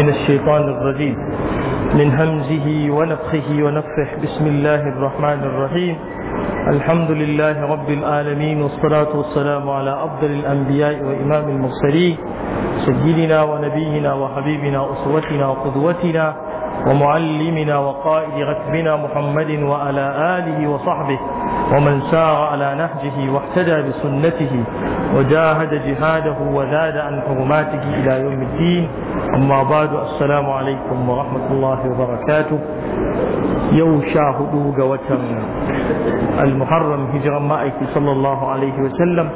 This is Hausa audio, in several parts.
من الشيطان الرجيم من همزه ونفخه ونفخه بسم الله الرحمن الرحيم الحمد لله رب العالمين والصلاة والسلام على أفضل الأنبياء وإمام المرسلين سيدنا ونبينا وحبيبنا أسوتنا وقدوتنا ومعلمنا وقائد غتبنا محمد وعلى آله وصحبه ومن سار على نهجه واهتدى بسنته وجاهد جهاده وزاد عن حرماته إلى يوم الدين أما بعد السلام عليكم ورحمة الله وبركاته يوشا هدوغ وتر المحرم هجرا مائك صلى الله عليه وسلم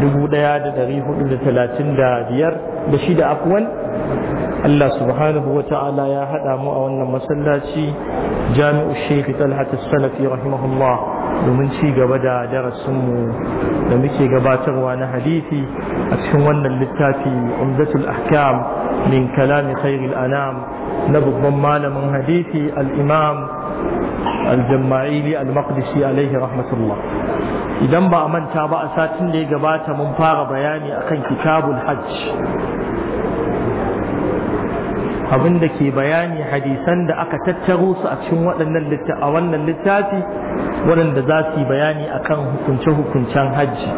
dubu ɗaya da ɗari hudu da talatin da biyar da shida afwan Allah subhanahu wa ta'ala ya haɗa mu a wannan masallaci jami'u shekhi talhat salafi rahimahullah domin ci gaba da darasinmu da muke gabatarwa na hadisi a cikin wannan littafi umdatul ahkam min kalam khairil anam na babban malamin hadisi al-imam al-jamma'ili al-maqdisi alayhi rahmatullah idan ba a manta ba a satin da ya gabata mun fara bayani akan kitabul hajj abin da ke bayani hadisan da aka tattaro su a cikin waɗannan littafi a wannan littafi waɗanda za su yi bayani akan hukunce-hukuncen hajji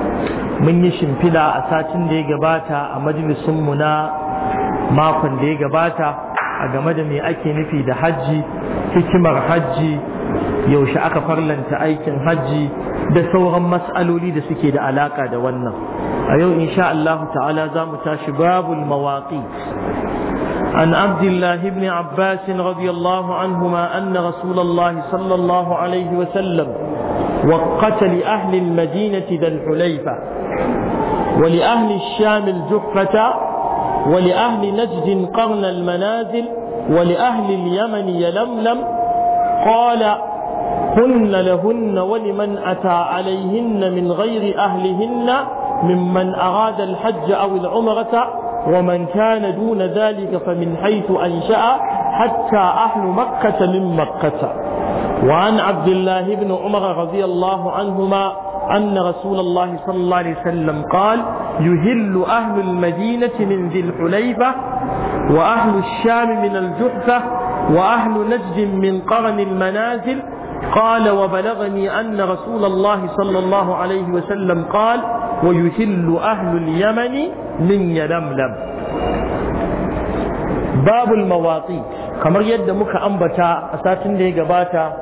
mun yi shimfiɗa a satin da ya gabata a majalisunmu na makon da ya gabata a game da me ake nufi da hajji hikimar hajji yaushe aka farlanta aikin hajji da sauran mas'aloli da suke da alaƙa da wannan a yau insha Allah ta'ala za mu tashi babul mawaƙi عن عبد الله بن عباس رضي الله عنهما أن رسول الله صلى الله عليه وسلم وقت لأهل المدينة ذا الحليفة ولأهل الشام الجحفة ولأهل نجد قرن المنازل ولأهل اليمن يلملم قال هن لهن ولمن أتى عليهن من غير أهلهن ممن أراد الحج أو العمرة ومن كان دون ذلك فمن حيث أنشأ حتى أهل مكة من مكة وعن عبد الله بن عمر رضي الله عنهما أن رسول الله صلى الله عليه وسلم قال يهل أهل المدينة من ذي الحليفة وأهل الشام من الجحفة وأهل نجد من قرن المنازل قال وبلغني أن رسول الله صلى الله عليه وسلم قال ويحل أهل اليمن من يلملم باب المواقيت كما يد مك أنبتا أساتن لي قباتا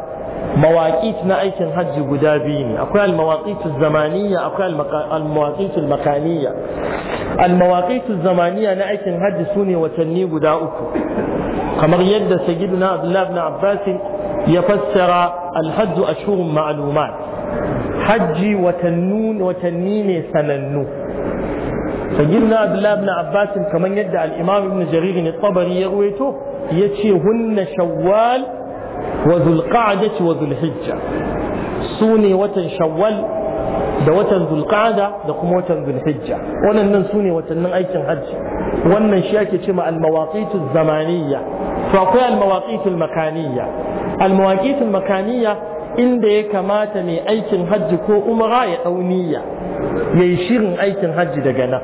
مواقيت نأيك حج قدابين أقول المواقيت الزمانية أقول المواقيت المكانية المواقيت الزمانية نأيك حج سوني وتني قداؤكم كما يد سيدنا عبد الله بن عباس يفسر الحج أشهر معلومات حجي وتنون وتنين سننو سيدنا عبد الله بن عباس كما يدعى الامام ابن جرير الطبري يرويته يتي هن شوال وذو القعدة وذو الحجة سوني وتن شوال ده وتن ذو القعدة ده وتن ذو الحجة ونن سوني وتن ايتن حج ونن شاكي شما المواقيت الزمانية فأقول المواقيت المكانية المواقيت المكانية inda ya kamata mai aikin hajji ko umara ya ɗauniya ya yi shirin aikin hajji daga nan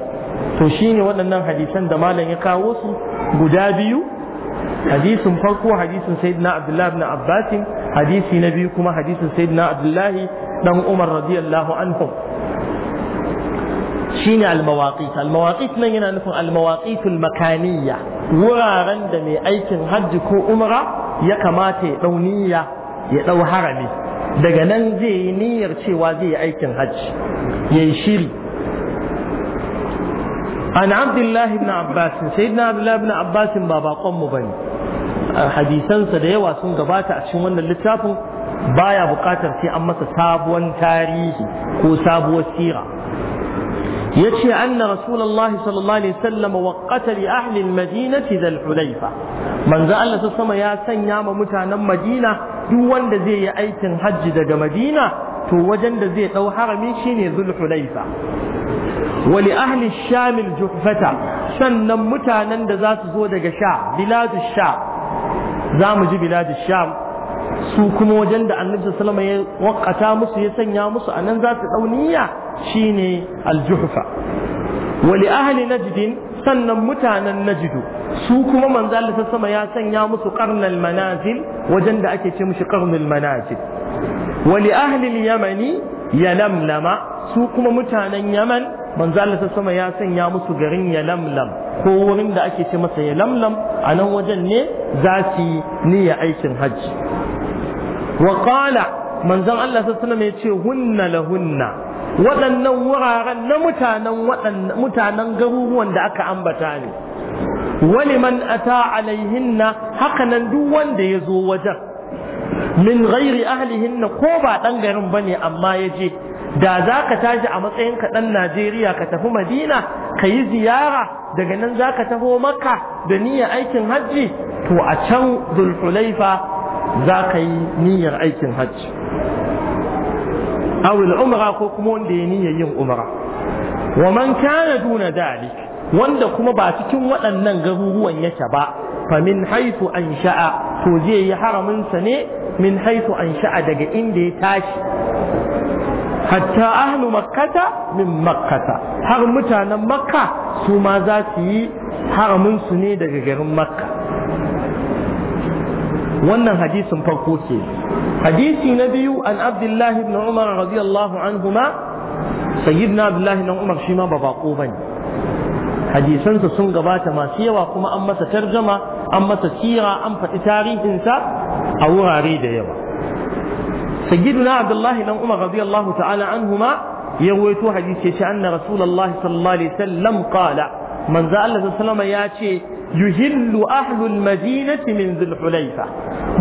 to ne waɗannan hadisan da malam ya kawo su guda biyu hadisin farko hadisin sayyidina abdullahi ibn abbasin hadisi na biyu kuma hadisin sayyidina abdullahi dan umar radiyallahu anhu shine almawaqit almawaqit nan yana nufin almawaqitul makaniya wuraren da mai aikin hajji ko umra ya kamata ya dauniya ya ɗau harami daga nan zai yi niyyar cewa zai yi aikin hajji ya yi shiri an abdullahi ibn abbas sai na abdullahi ibn abbas ba bakon mu bane hadisansa da yawa sun gabata a cikin wannan littafin baya bukatar sai an masa sabuwan tarihi ko sabuwar sira yace anna rasulullah sallallahu alaihi wasallam waqata li ahli almadinati dhul hulaifa manzo Allah sama ya sanya ma mutanen Madina duk wanda zai yi aikin hajji daga madina to wajen da zai ɗau harami shine zulhulaifa wali ahli shamil juhfata sannan mutanen da za su zo daga sha biladu sha za mu ji biladu sha su kuma wajen da annabi sallama ya wakata musu ya sanya musu nan za su ɗau niyya shine aljuhfa wali ahli najdin sannan mutanen najidu su kuma manzo Allah ya sanya musu karnal manazil wajen da ake ce mushi qarnal manazil wali li ahli al-yamani yalamlama su kuma mutanen yaman manzo Allah ya sanya musu garin yalamlam ko wurin da ake ce masa yalamlam a nan wajen ne za su yi niyya aikin hajji wa qala manzon Allah sallallahu ya ce hunna hunna. waɗannan wuraren na mutanen mutanen garuruwan da aka ambata ne wani man ata alaihinna hakanan duk wanda ya zo wajen min ghairi ahlihinna ko ba ɗan garin bane amma ya je da za ka tashi a matsayin ka ɗan Najeriya ka tafi Madina ka yi ziyara daga nan za ka taho maka da niyyar aikin hajji to a can Zulhulaifa za ka yi niyyar aikin hajji aw umra ko kuma wanda ya niyyar yin umra wa man kana duna dalik wanda kuma ba cikin waɗannan garuruwan yake ba fa min haitu an sha'a to zai yi haramin sa ne min haitu an sha'a daga inda ya tashi hatta ahlu makkata min makkata har mutanen makka su ma za su yi haramin su ne daga garin makka wannan hadisin farko ke hadisi na biyu an abdullahi ibn umar radiyallahu anhuma sayyidina abdullahi ibn umar shi ma ba bako bane hadisansa sun gabata masu yawa kuma an masa tarjama an masa sira an faɗi tarihinsa a wurare da yawa sayyidina abdullahi ibn umar radiyallahu ta'ala anhuma ya waito hadisi ya ce anna rasulullahi sallallahu alaihi wasallam qala manzo Allah sallallahu ya ce yuhillu ahlul madinati min zulhulaifa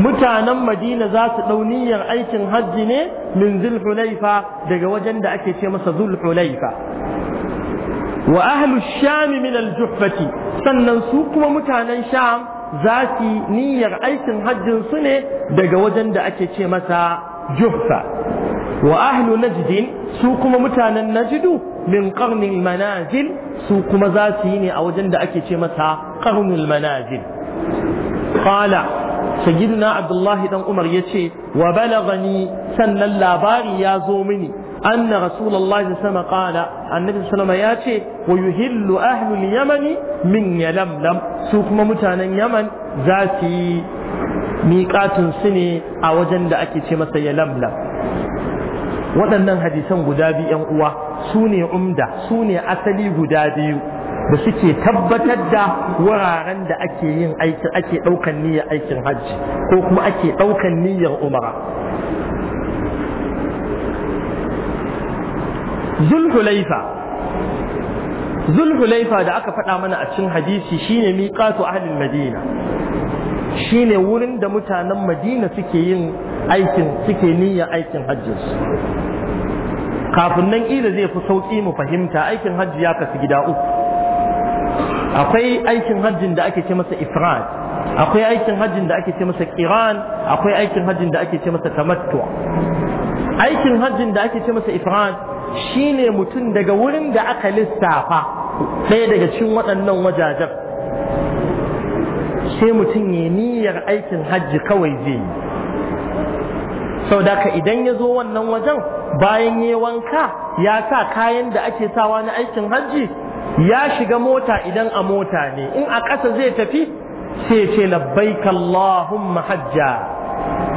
mutanen madina za su dau niyyar aikin hajji ne min zulhulaifa daga wajen da ake ce masa zulhulaifa wa ahlu Shami min aljuhfati sannan su kuma mutanen sham za su niyyar aikin hajjin su ne daga wajen da ake ce masa juhfa wa ahlu najdin su kuma mutanen najdu min qarnil manazil su kuma za su yi ne a wajen da ake ce masa mata ƙarnul manazil fala shagidina abdullahi dan umar ya ce wa balagani sannan labari ya zo mini anna rasulullah ya sama kala annabi sallama ya ce wa yuhillu ahlul yamani min yalamlam su kuma mutanen yaman za su yi miƙatin su ne a wajen da ake ce masa yalamlam waɗannan hadisan guda biyu uwa su ne umda su ne asali guda biyu da suke tabbatar da wuraren da ake yin aikin ake ɗaukan niyyar aikin hajji ko kuma ake ɗaukan niyyar umara zulhulaifa zulhulaifa da aka faɗa mana a cikin hadisi shine miqatu ahlil madina shine wurin da mutanen madina suke yin aikin suke niyyar aikin hajjinsu kafin nan ƙila zai fi sauƙi mu fahimta aikin hajji ya kasu gida uku akwai aikin hajjin da ake ce masa ifrad akwai aikin hajjin da ake ce masa qiran akwai aikin hajjin da ake ce masa tamattu aikin hajjin da ake ce masa ifrad shine mutum daga wurin da aka lissafa ɗaya daga cikin waɗannan wajajen sai mutum ya niyyar aikin hajji kawai zai yi sau ka idan ya zo wannan wajen bayan yi wanka ya sa kayan da ake sawa na aikin hajji ya shiga mota idan a mota ne in a ƙasa zai tafi sai ce labbaika hajja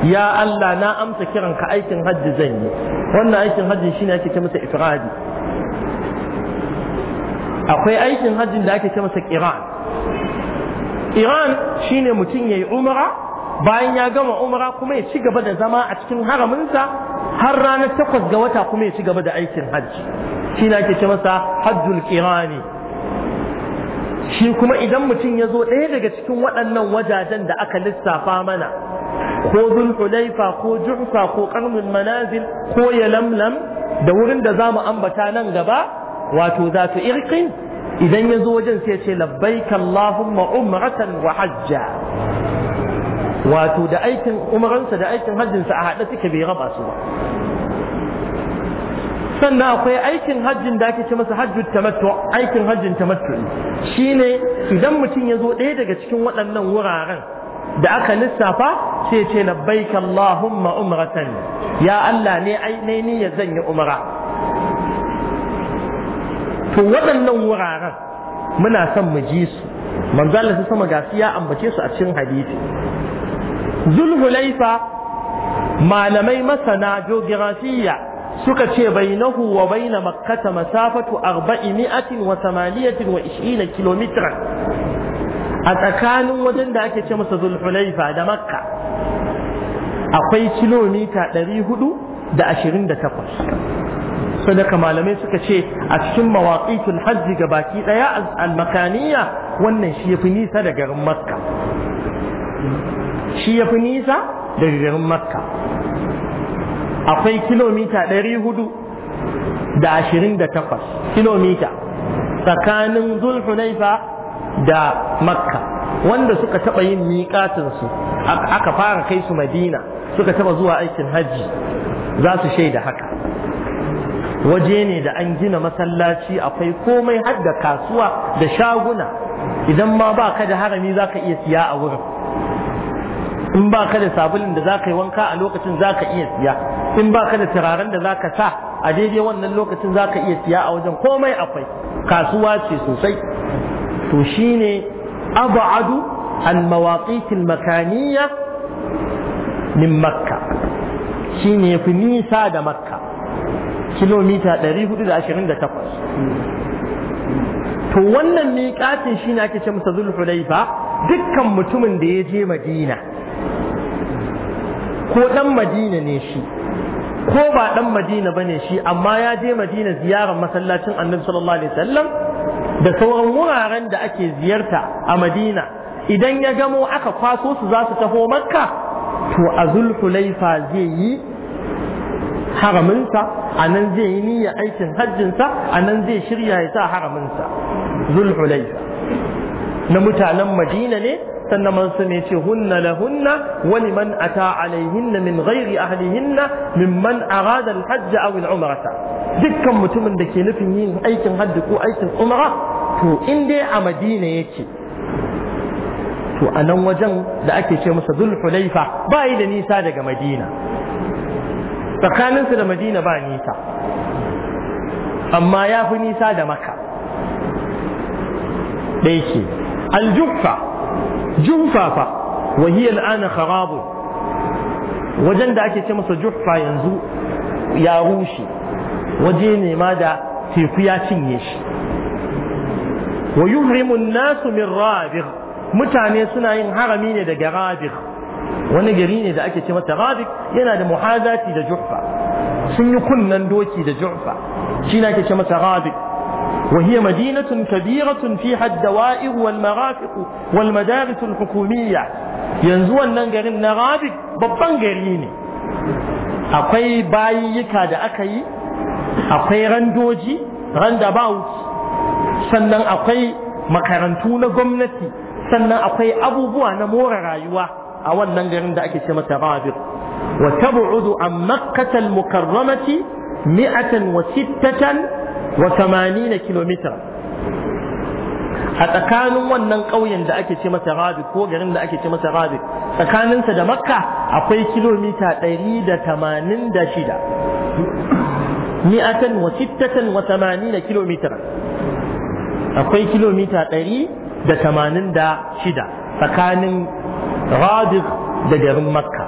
ya Allah na amsa kiran ka aikin hajji zan yi wannan aikin hajji shine ake ce masa ifradi akwai aikin hajjin da ake ce masa iran iran shine mutum yayi umara bayan ya gama umara kuma ya ci gaba da zama a cikin haraminsa har ranar takwas ga wata kuma ya ci gaba da aikin hajji shi na ke ce masa hajjul kirani shi kuma idan mutum ya zo ɗaya daga cikin waɗannan wajajen da aka lissafa mana ko zulhulaifa ko juhfa ko karmin manazil ko ya lamlam da wurin da za mu ambata nan gaba wato za su irkin idan ya zo wajen sai ce labbaik Allahumma umratan wa hajja wato da aikin umaransa da aikin hajjinsa a haɗe suke bai raba su ba sannan akwai aikin hajjin da ake ce masa hajjin tamattu aikin hajjin Shi shine idan mutum ya zo ɗaya daga cikin waɗannan wuraren da aka lissafa sai ce labbaik Allahumma umratan ya Allah ne ai ne zan yi umra to waɗannan wuraren muna son mu ji su manzo Allah sama ga ya ambace su a cikin hadisi zulhulaifa malamai masana geografiya suka ce bainahu wa baina makata masafatu arba'imi'atin wa samaniyatin wa ishirina kilomitran a tsakanin wajen da ake ce masa laifa da makka akwai kilomita ɗari hudu da ashirin da takwas sadaka malamai suka ce a cikin mawaƙitul hajji ga baki ɗaya al-makaniya wannan shi ya fi nisa da garin makka shi ya fi nisa daga garin makka akwai kilomita ɗari hudu da ashirin da takwas kilomita tsakanin zulhunaifa da makka wanda suka taba yin miƙatinsu aka fara kai su madina suka taɓa zuwa aikin hajji za su shaida haka waje ne da an gina masallaci akwai komai har da kasuwa da shaguna idan ma ba ka da harami za ka iya siya a wurin in ba ka da sabulin da za ka yi wanka a lokacin za ka iya siya in ba ka da turaren da za ka sa a daidai wannan lokacin za ka iya siya a wajen komai akwai kasuwa ce sosai to ne abadu al-mawaqit al min makka shine yafi nisa da makka kilomita 428 to wannan miƙatin shine ake ce masa zulhulaifa dukkan mutumin da ya je madina ko ɗan madina ne shi ko ba ɗan madina ba ne shi amma ya je madina ziyarar masallacin annabi sallallahu alaihi wasallam da sauran wuraren da ake ziyarta a madina idan ya gamo aka kwaso su za su taho makka to a zulhulaifa zai yi haraminsa a nan zai yi niyyar aikin hajjinsa a nan zai shirya ya sa haraminsa zulhulaifa na mutanen madina ne sannan man su sun yace hunna lahunna wa liman ata alaihinna min ghairi ahlihinna mimman arada al-hajj aw al-umrata dukkan mutumin da ke nufin yin aikin hajji ko aikin umara to in dai a Madina yake to a nan wajen da ake ce masa Zulhulaifa ba yi da nisa daga Madina tsakaninsu da Madina ba nisa amma ya fi nisa da maka ɗaya ke aljuffa jumfafa wa hiya kharabu wajen da ake ce masa jufa yanzu ya rushe waje ne ma da teku ya cinye shi wa yuhrimu nasu min rabir mutane suna yin harami ne daga rabir wani gari ne da ake ce masa rabir yana da muhazati da juffa sun yi kunnen doki da juffa shi ne ake ce masa rabir وهي مدينة كبيرة فيها الدوائر والمرافق والمدارس الحكومية ينزو النجر النرابق ببنجريني أقوي بايك هذا أكي أقوي رندوجي رندباوت sannan akwai makarantu na gwamnati sannan akwai abubuwa na more rayuwa a wannan garin da ake ce masa rabir wa tabu'udu an makkatal mukarramati mi'atan wa wa 80 kilomita a tsakanin wannan ƙauyen da ake ce masa rabi ko garin da ake ce masa rabi tsakaninsa da makka akwai kilomita ɗari da da tamanin 186 mi'atan wa sittatan wa 80 kilomita akwai kilomita ɗari da da tamanin shida tsakanin rabi da garin makka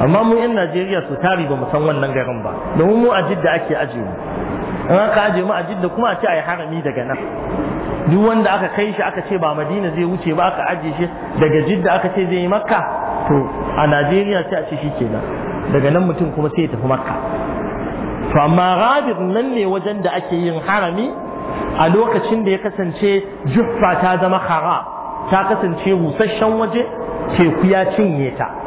amma mu yan Najeriya su tari ba mu san wannan garin ba domin mu a jidda ake aje mu in aka aje mu a jidda kuma a ce yi harami daga nan duk wanda aka kai shi aka ce ba Madina zai wuce ba aka aje shi daga jidda aka ce zai yi makka to a Najeriya sai a ce shi kenan daga nan mutum kuma sai ya tafi makka to amma rabin nan ne wajen da ake yin harami a lokacin da ya kasance juffa ta zama hara ta kasance busasshen waje teku ya cinye ta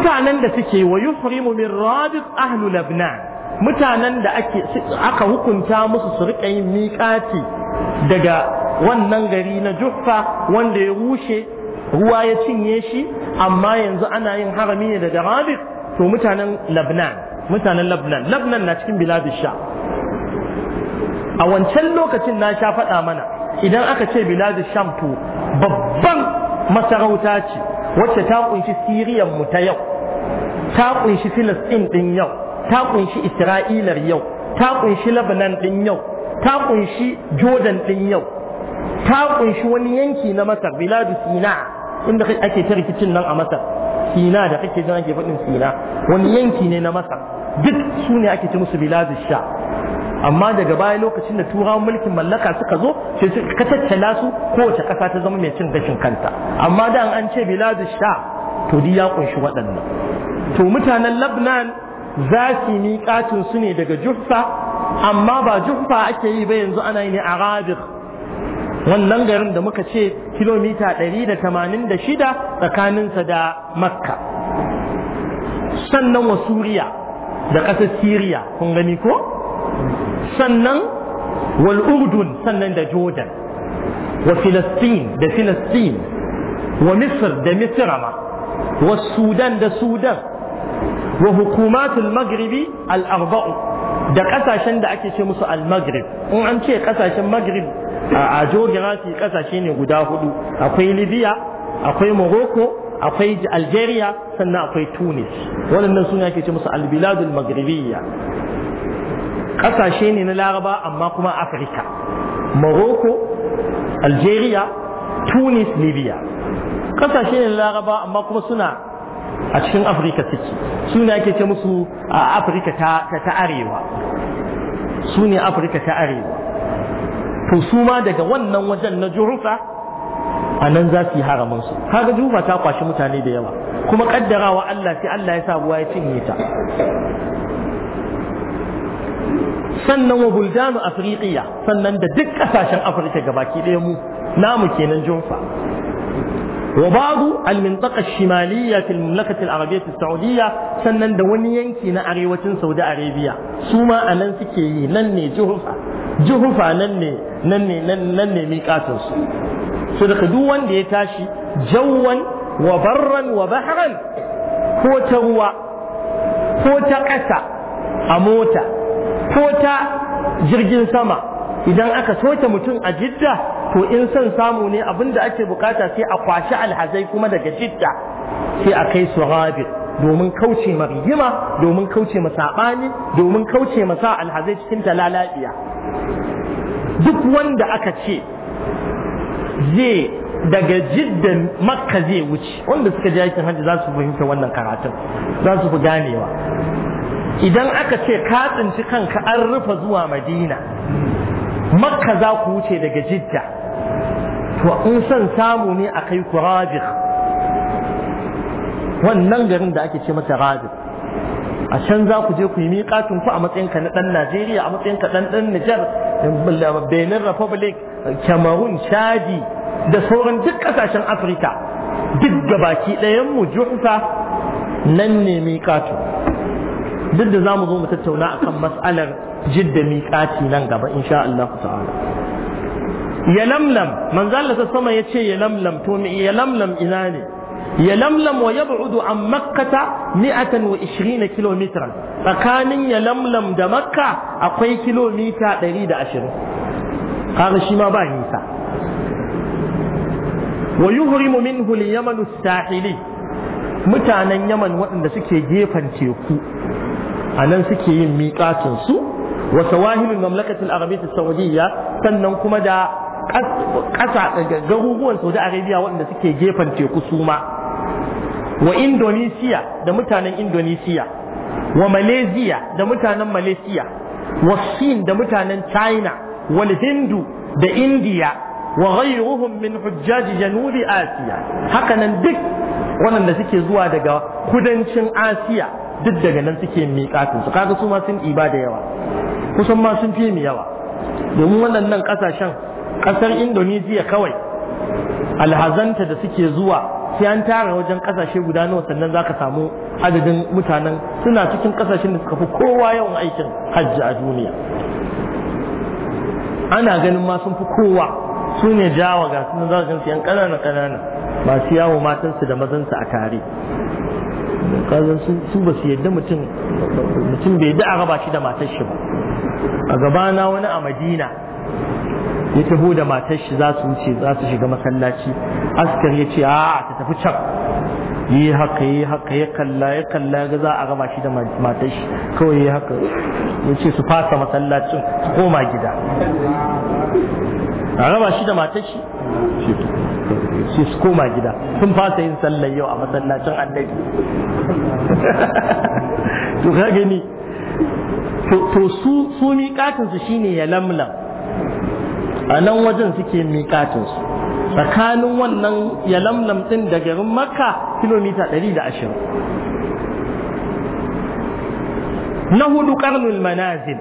mutanen da suke wa yuhrimu min rabit ahlu labnan mutanen da ake aka hukunta musu su rika yin miƙati daga wannan gari na juffa wanda ya rushe ruwa ya cinye shi amma yanzu ana yin harami ne daga rabit to mutanen labnan mutanen labnan labnan na cikin biladu sha a wancan lokacin na sha faɗa mana idan aka ce biladu sham to babban masarauta ce wacce ta kunshi siriyan mu ta yau ta kunshi filistin din yau ta kunshi isra'ilar yau ta kunshi Labanan din yau ta kunshi jordan din yau ta kunshi wani yanki na masar biladu sina inda ake ta rikicin nan a masar sina da kake jin ake faɗin sina wani yanki ne na masar duk su ne ake ci musu biladu sha amma daga baya lokacin da turawan mulkin mallaka suka zo sai suka katattala su kowace ƙasa ta zama mai cin gashin kanta amma da an ce biladu sha to di ya kunshi waɗannan to mutanen labnan za su miƙatin su ne daga Juffa, amma ba juffa ake yi ba yanzu ana yi ne a rabir wannan garin da muka ce kilomita 186 tsakaninsa da makka sannan wa suriya da ƙasar siriya kun gani ko sannan wal urdun sannan da jordan wa Filistin da Filistin, wa misr da misra ma wa sudan da sudan wa hukumatul magribi al-arba'u da kasashen da ake ce musu al-maghrib in an ce kasashen maghrib a geography kasashe ne guda hudu akwai libya akwai morocco akwai algeria sannan akwai tunis waɗannan suna ake ce musu albiladul maghribiyya ƙasashe ne na laraba amma kuma afirka morocco algeria tunis libya ƙasashe ne na laraba amma kuma suna a cikin afirka suke suna ake ce musu a afirka ta arewa su ne afirka ta arewa to su ma daga wannan wajen na jurufa a nan za su yi haramin su kaga jufa ta kwashi mutane da yawa kuma kaddarawa Allah sai Allah ya sa ruwa ya cinye ta sannan wa buldanu afirikiya sannan da duk kasashen afirka gabaki ɗaya mu namu kenan junfa wa babu almintaka shimaliya fil mamlakati al-arabiyya saudiyya sannan da wani yanki na arewacin saudi arabia su ma a nan suke yi nan ne juhufa juhufa nan ne nan ne nan ne miƙatin su so daga duk wanda ya tashi jawwan wa barran wa bahran ko ta ruwa ko ta ƙasa a mota ko ta jirgin sama idan aka soke mutum a jidda to in san samu ne abinda ake bukata sai a kwashi alhazai kuma daga jidda sai a kai su rabin domin kauce ma rigima domin kauce ma saɓani domin kauce ma sa alhazai cikin talalabiya duk wanda aka ce zai daga jidda makka zai wuce wanda suka ji aikin hajji za su fahimta wannan karatun za su fi ganewa idan aka ce ka tsinci kanka an rufa zuwa madina makka za ku wuce daga jidda to in son samu ne a kai ku rajik wannan garin da ake ce mata rajik a can za ku je ku yi miƙatun ku a matsayinka na ɗan najeriya a matsayinka ɗan ɗan nijar benin republic cameroon Shadi da sauran duk ƙasashen afirka duk gabaki ɗayanmu juhfa nan ne miƙatun duk da zamu zo mu tattauna kan mas'alar jidda miƙati nan gaba insha Allah ta'ala ya lamlam manzo sama ya ce ya lamlam to ya lamlam ina ne ya lamlam wa yab'udu a makkata 120 km tsakanin ya lamlam da makka akwai kilomita 120 kaga shi ma ba nisa wa yuhrimu minhu al sahili mutanen yaman waɗanda suke gefen teku a nan suke yin miƙatin su wa sawahilul mamlakatul arabiyyah sannan kuma da ƙasa garuruwan Saudi Arabia waɗanda suke gefen teku suma wa Indonesia da mutanen Indonesia wa Malaysia da mutanen Malaysia wa Sin da mutanen China wal Hindu da India wa ghayruhum min hujjaj janubi Asiya hakanan duk waɗanda suke zuwa daga kudancin Asiya duk daga nan suke miƙa su kaga su ma sun iba da yawa kusan ma sun fi mi yawa domin waɗannan kasashen ƙasar Indonesia kawai alhazanta da suke zuwa sai an tara wajen ƙasashe guda nawa sannan zaka samu adadin mutanen suna cikin ƙasashen da suka fi kowa yawan aikin hajji a duniya ana ganin ma sun fi kowa su ne jawa ga sunan za yan ƙanana ƙanana masu yawo matansu da mazansu a tare kazan su ba su yadda mutum bai yadda a raba shi da matar shi ba a gabana wani a madina ya taho da matar shi za su wuce za su shiga masallaci askar ya ce a ta tafi can yi haka yi haka ya kalla ya kalla ga za a raba shi da matar shi kawai yi haka ya ce su fasa masallacin su koma gida a raba shi da matar shi shi su koma gida sun fasa yin sallar yau a masallacin annabi to ka gani to su su shi shine ya lamlam a nan wajen suke miƙatinsu tsakanin wannan ya lamlam ɗin da garin makka kilomita 120 na hudu karnul manazil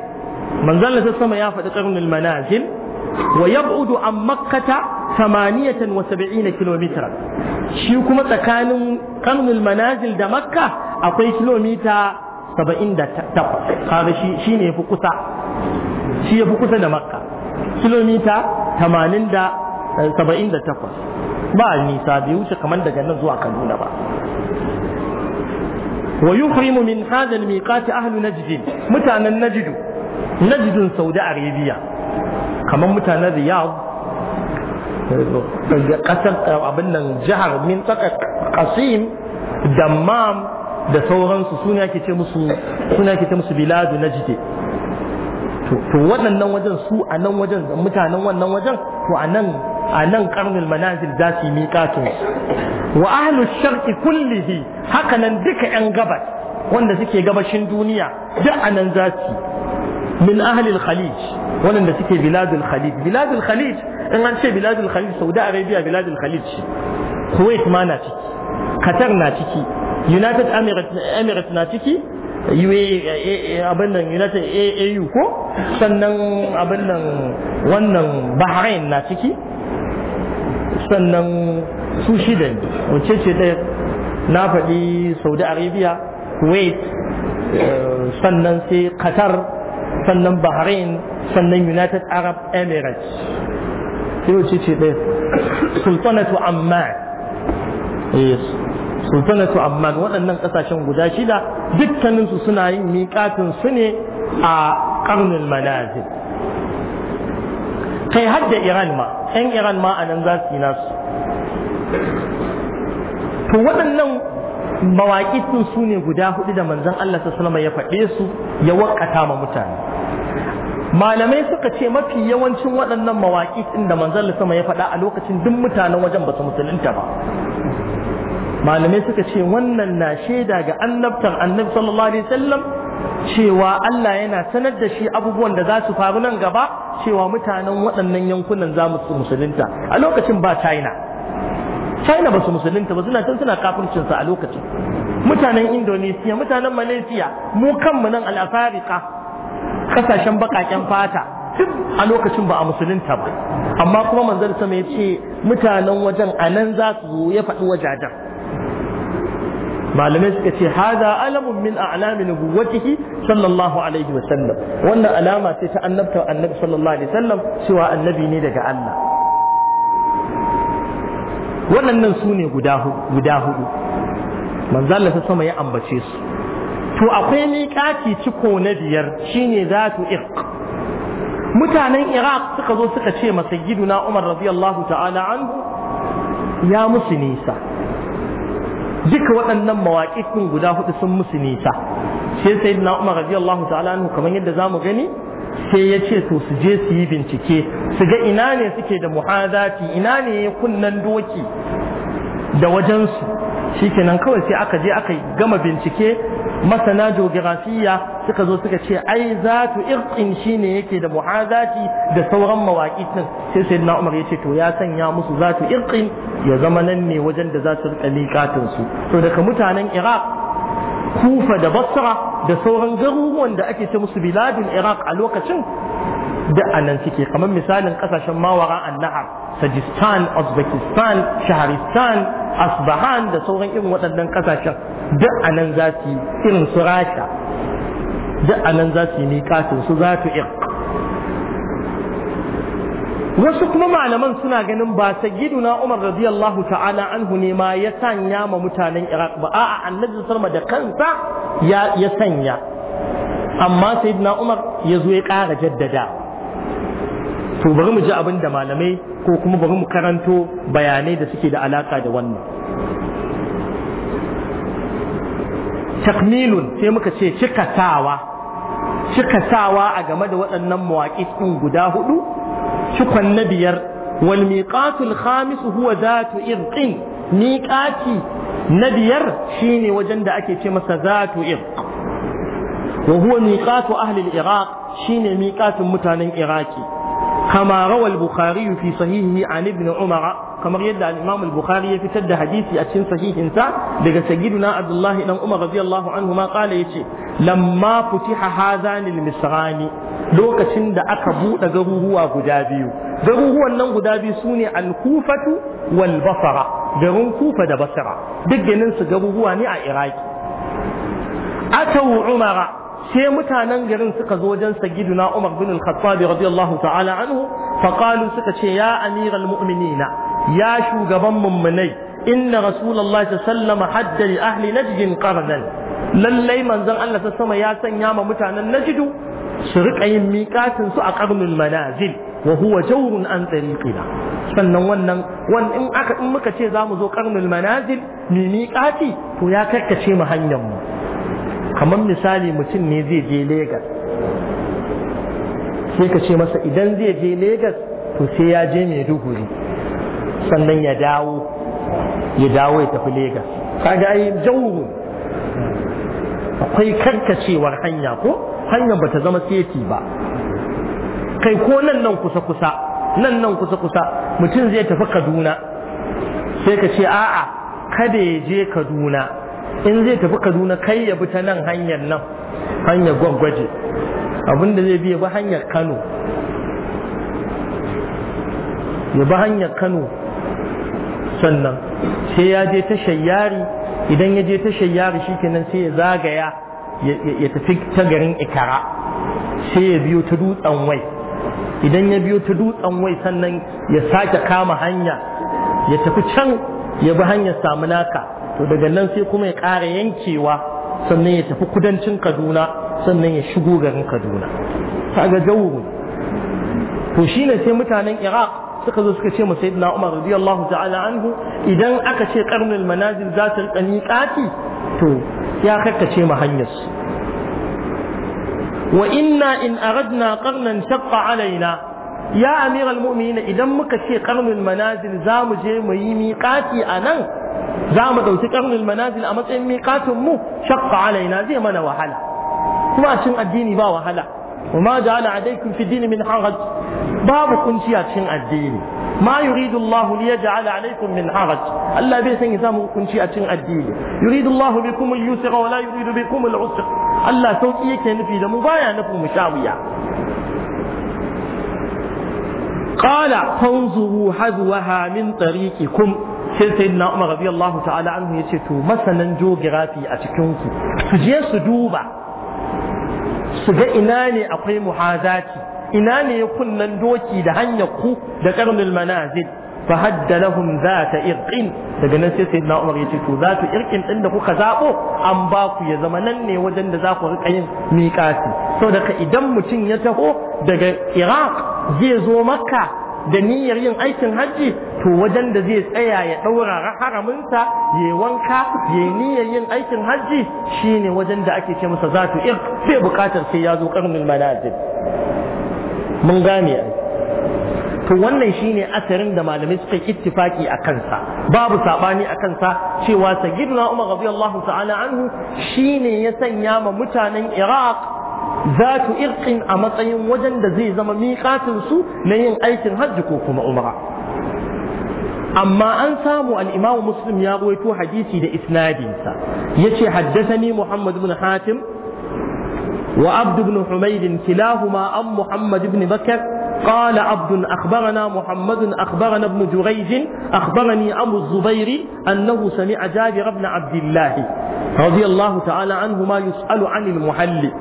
manzalla ta sama ya faɗi karnul manazil wa Udu an makkata 78 kilometer shi kuma tsakanin karnul manazil da makka akwai kilomita 78 kaga shi shine yafi kusa shi yafi kusa da makka kilomita 80 da 78 ba nisa bai wuce kamar daga nan zuwa Kaduna ba ويحرم من هذا الميقات أهل نجد متانا نجد نجد سوداء عربية kamar mutanen riyadh kasar abin nan jihar min tsaka kasim dammam da sauransu suna ke ce musu suna ke ce musu biladu najdi to waɗannan wajen su a nan wajen mutanen wannan wajen to a nan a nan karnul manazil za su yi miƙatun wa ahlu sharqi kullihi haka nan duka yan gabas wanda suke gabashin duniya duk a nan za su min ahlil wannan da suke biladul khalij biladul khalij in an ce biladul khalij saudi arabia biladul khalij ce kuwait ma na ciki qatar na ciki united emirates na ciki abin nan united au ko sannan abin nan wannan bahrain na ciki sannan su shida ne wace ce ɗaya na faɗi saudi arabia kuwait eh, sannan sai qatar sannan bahrain sannan united arab emirates yau ce ce ɗaya sultanatu amman sultanatu amman waɗannan ƙasashen guda shida dukkaninsu suna yin miƙatin su ne a ƙarnin manazil kai hadda iran ma ƴan iran ma a nan za su yi nasu to waɗannan mawaƙi su ne guda hudu da manzon Allah ta ya faɗe su ya wakata ma mutane malamai suka ce mafi yawancin waɗannan mawaƙi ɗin da manzon sama ya faɗa a lokacin duk mutanen wajen ba su musulunta ba malamai suka ce wannan na shaida ga annabtan annabi sallallahu alaihi wasallam cewa Allah yana sanar da shi abubuwan da za su faru nan gaba cewa mutanen waɗannan yankunan za su musulunta a lokacin ba China China ba su musulunta ba suna can suna sa a lokacin mutanen Indonesia mutanen Malaysia mu kanmu nan al afrika kasashen bakaken fata duk a lokacin ba a musulunta ba amma kuma manzon sama ya ce mutanen wajen a nan za su zo ya faɗi wajajen malamai suka ce hada alamun min a'lami nubuwwatihi sallallahu alaihi wa sallam wannan alama ce ta annabta annabi sallallahu alaihi wa sallam cewa annabi ne daga Allah waɗannan su ne guda hudu manzon Allah sama ya ambace su to akwai miƙati ciko na biyar shi za zatu irq mutanen iraq suka zo suka ce masa giduna umar radiyallahu ta'ala an ya musu nisa duka waɗannan mawaƙifin guda hudu sun musu nisa sai sai na umar radiyallahu ta'ala an kamar yadda za mu gani sai ya ce to su je su yi bincike su ga ina ne suke da muhazati ina ne kunnan doki da wajensu shikenan kawai sai aka je aka gama bincike masana geografiya suka zo suka ce ai zatu irqin shine yake da muhazati da sauran mawaƙitin sai na Umar ya ce to ya sanya musu zatu irqin ya zama nan ne wajen da za su rika miƙatin su to daga mutanen Iraq Kufa da Basra da sauran garuruwan da ake ce musu biladun Iraq a lokacin da anan suke kamar misalin kasashen mawara an nahar Sajistan, Uzbekistan, Shaharistan, asbahan da sauran irin waɗannan ƙasashen duk a nan za su irin su rasha duk a nan za su yi su za su irk wasu kuma malaman suna ganin ba na Umar radiyallahu ta'ala anhu ne ma ya sanya ma mutanen Iraq ba a'a Annabi salma da kansa ya sanya amma sayyidina Umar ya zo ya ƙara jaddada to bari mu ji abin malamai ko kuma bari mu karanto bayanai da suke da alaka da wannan takmilun sai muka ce cikatawa cikatawa a game da waɗannan mawaƙi ɗin guda hudu cikon na biyar wal miqatul khamis huwa zatu irqin miqati na biyar shine wajen da ake ce masa zatu irq wa huwa miqatu ahli al-iraq shine miqatun mutanen iraki كما روى البخاري في صحيحه عن ابن عمر كما يدعى الإمام البخاري يفتد حديثي أتشن صحيح إنسا لقى سيدنا عبد الله بن عمر رضي الله عنهما قال يتي لما فتح هذان lokacin da aka buɗe garuruwa guda biyu garuruwan nan guda biyu su ne alkufatu wal garin kufa da basara dukkaninsu garuruwa ne a iraki atau umara sai mutanen garin suka zo wajen sagiduna Umar bin Al-Khattab radiyallahu ta'ala anhu faqalu suka ce ya amiral mu'minina ya shugaban mummunai inna rasulullahi sallallahu hadda li ahli najd qarnan lallai manzon Allah ta sama ya sanya ma mutanen najdu su rika yin miƙatin su a karnul manazil wa huwa jawrun an tariqina sannan wannan in aka in muka ce zamu zo karnul manazil mi miƙati to ya karkace mu hanyar mu kamar misali mutum ne zai je Legas sai ka ce masa idan zai je Legas to sai ya je Maiduguri sannan ya dawo ya dawo ya tafi Legas kaga ai jawu akwai karkacewar hanya ko hanya ta zama seti ba kai ko nan nan kusa kusa nan nan kusa kusa mutum zai tafi Kaduna sai ka ce a'a kada ya je Kaduna in zai tafi kaduna kai ya bi ta nan hanyar nan hanyar gwaggwaje abinda zai bi ya bi hanyar kano ya bi hanyar kano sannan sai ya je ta shayyari idan ya je ta shayyari shikenan sai ya zagaya ya tafi ta garin ikara sai ya biyo ta dutsen wai idan ya biyo ta dutsen wai sannan ya sake kama hanya ya tafi can ya bi hanyar samunaka to daga nan sai kuma ya ƙara yankewa sannan ya tafi kudancin kaduna sannan ya shigo garin kaduna kaga jawurun to shine sai mutanen iraq suka zo suka ce ma sayyidina umar radiyallahu ta'ala anhu idan aka ce karnul manazil za ta rika miƙati to ya karkace ma hanyar su wa inna in aradna qarnan shaqqa alaina ya amiral mu'minin idan muka ce karnin manazil za mu je mu yi miƙati a nan za mu ɗauki karnin manazil a matsayin miƙatin mu shakka alaina zai mana wahala kuma cin addini ba wahala wa ma ja'ala alaykum fi dini min haraj babu kunciya cin addini ma yuridu Allah li yaj'ala alaykum min haraj Allah bai san ya samu kunci a cin addini yuridu Allah bikum al-yusra wa sauki yake nufi da mu baya nufin mu sha wuya qala fanzuru hadwaha min tariqikum sai sayyidina Umar radiyallahu ta'ala anhu yace to masanan geography a cikin ku su je su duba su ga ina ne akwai muhazati ina ne kunnan doki da hanyar ku da karnul manazil fa hadda lahum zata irqin daga nan sai sayyidina Umar yace to zata irqin din da kuka zabo an ba ku ya zama nan ne wajen da za ku rika yin miƙati saboda idan mutum ya taho daga Iraq zai zo makka da niyyar yin aikin hajji to wajen da zai tsaya ya ɗaura haraminsa ya wanka ya niyyar yin aikin hajji shine wajen da ake ce masa za ta ir sai bukatar sai ya zo karnin manazil mun gane to wannan shine asarin da malamai suka ittifaki a kansa babu saɓani a kansa cewa sayyidina umar radiyallahu ta'ala anhu shine ya sanya ma mutanen iraq Zatu irƙin a matsayin wajen da zai zama miƙatin su na yin aikin hajji ko kuma umra amma an samu al-Imam Muslim ya rawaito hadisi da isnadin sa yace haddathani Muhammad ibn Hatim wa Abd ibn kilahuma am Muhammad ibn Bakr قال عبد أخبرنا محمد أخبرنا ابن جريج أخبرني أبو الزبير أنه سمع جابر بن عبد الله رضي الله تعالى عنهما يسأل عن المحل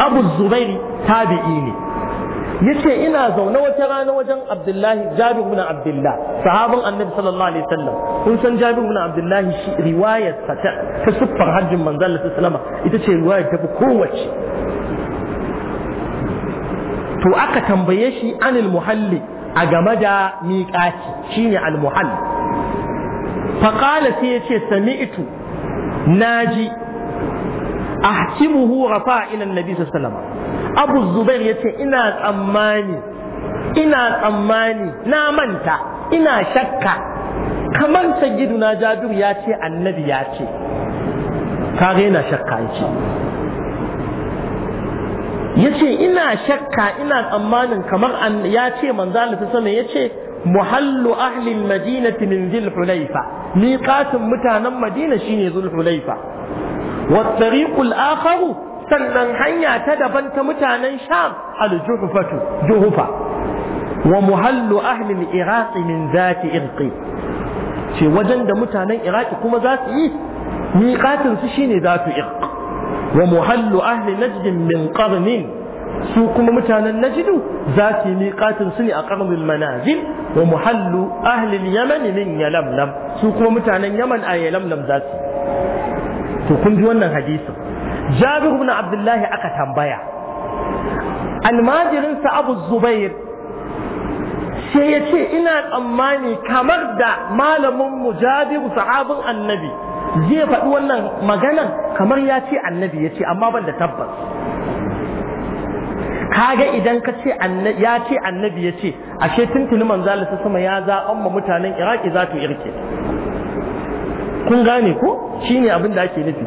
abu zubairi tabi'i ne yace ina zaune wata rana wajen abdullahi jabir ibn abdullah sahabin annabi sallallahu alaihi wasallam kun san jabir ibn abdullah shi riwayar ta ta siffar hajjin manzon Allah sallallahu alaihi ita ce riwayar ta kowace to aka tambaye shi anil muhalli a game da miƙaci shine al muhalli faqala sai yace sami'tu naji ahtimuhu rafa ila nabi sallallahu alaihi abu zubair yace ina tsammani ina tsammani na manta ina shakka kamar na jabir ya ce annabi ya ce kaga yana shakka yace yace ina shakka ina tsammanin kamar ya ce manzo Allah ta sama yace muhallu ahli al-madinati min dhil hulaifa miqatun mutanen madina shine dhul hulaifa wattariqul akharu sannan hanya ta daban ta mutanen sham al juhufa wa muhallu ahli al-iraq min zati irqi ce wajen da mutanen iraki kuma za su yi miƙatin su shine zatu irq wa muhallu ahli najd min qarnin su kuma mutanen najdu za su yi miƙatin su ne a qarnul manazil wa muhallu ahli al-yaman min yalamlam su kuma mutanen yaman a yalamlam za su to kun ji wannan hadisin jabir ibn abdullahi aka tambaya almajirinsa abu zubair sai ya ce ina tsammani kamar da malamin mu jabiru sahabin annabi zai faɗi wannan maganan kamar ya ce annabi ya ce amma ban da tabbas kaga idan ka ce ya ce annabi ya ce ashe tuntuni manzalisa sama ya zaɓan ma mutanen iraki za to irke kun gane ko shine abin da ake nufi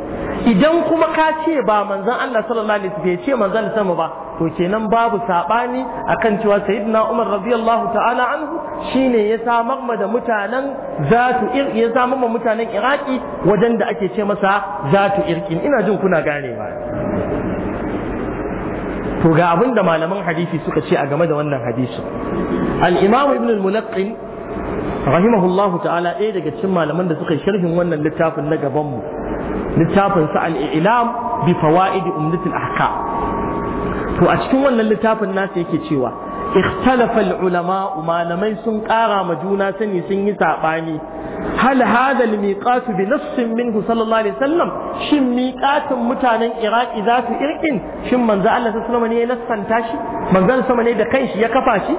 idan kuma ka ce ba manzon Allah sallallahu alaihi wasallam ce manzan manzon sama ba to kenan babu sabani akan cewa sayyidina Umar radiyallahu ta'ala anhu shine ya samar ma da mutanen zatu ya samar ma mutanen Iraki wajen da ake ce masa zatu irkin ina jin kuna gane ba to ga abin da malaman hadisi suka ce a game da wannan hadisi al-Imam Ibn al-Munaqqin rahimahullahu ta'ala ɗaya daga cikin malaman da suka yi sharhin wannan littafin na gaban mu littafin sa al-i'lam bi fawaidi umdatil ahkam to a cikin wannan littafin nasa yake cewa ikhtalafa al-ulama malamai sun ƙara ma juna sani sun yi sabani hal hada al-miqat bi nassin minhu sallallahu alaihi wasallam shin miqatin mutanen iraki za su irkin shin manzo Allah sallallahu alaihi wasallam ne ya nassanta shi manzo sallallahu alaihi ne da ya kafa shi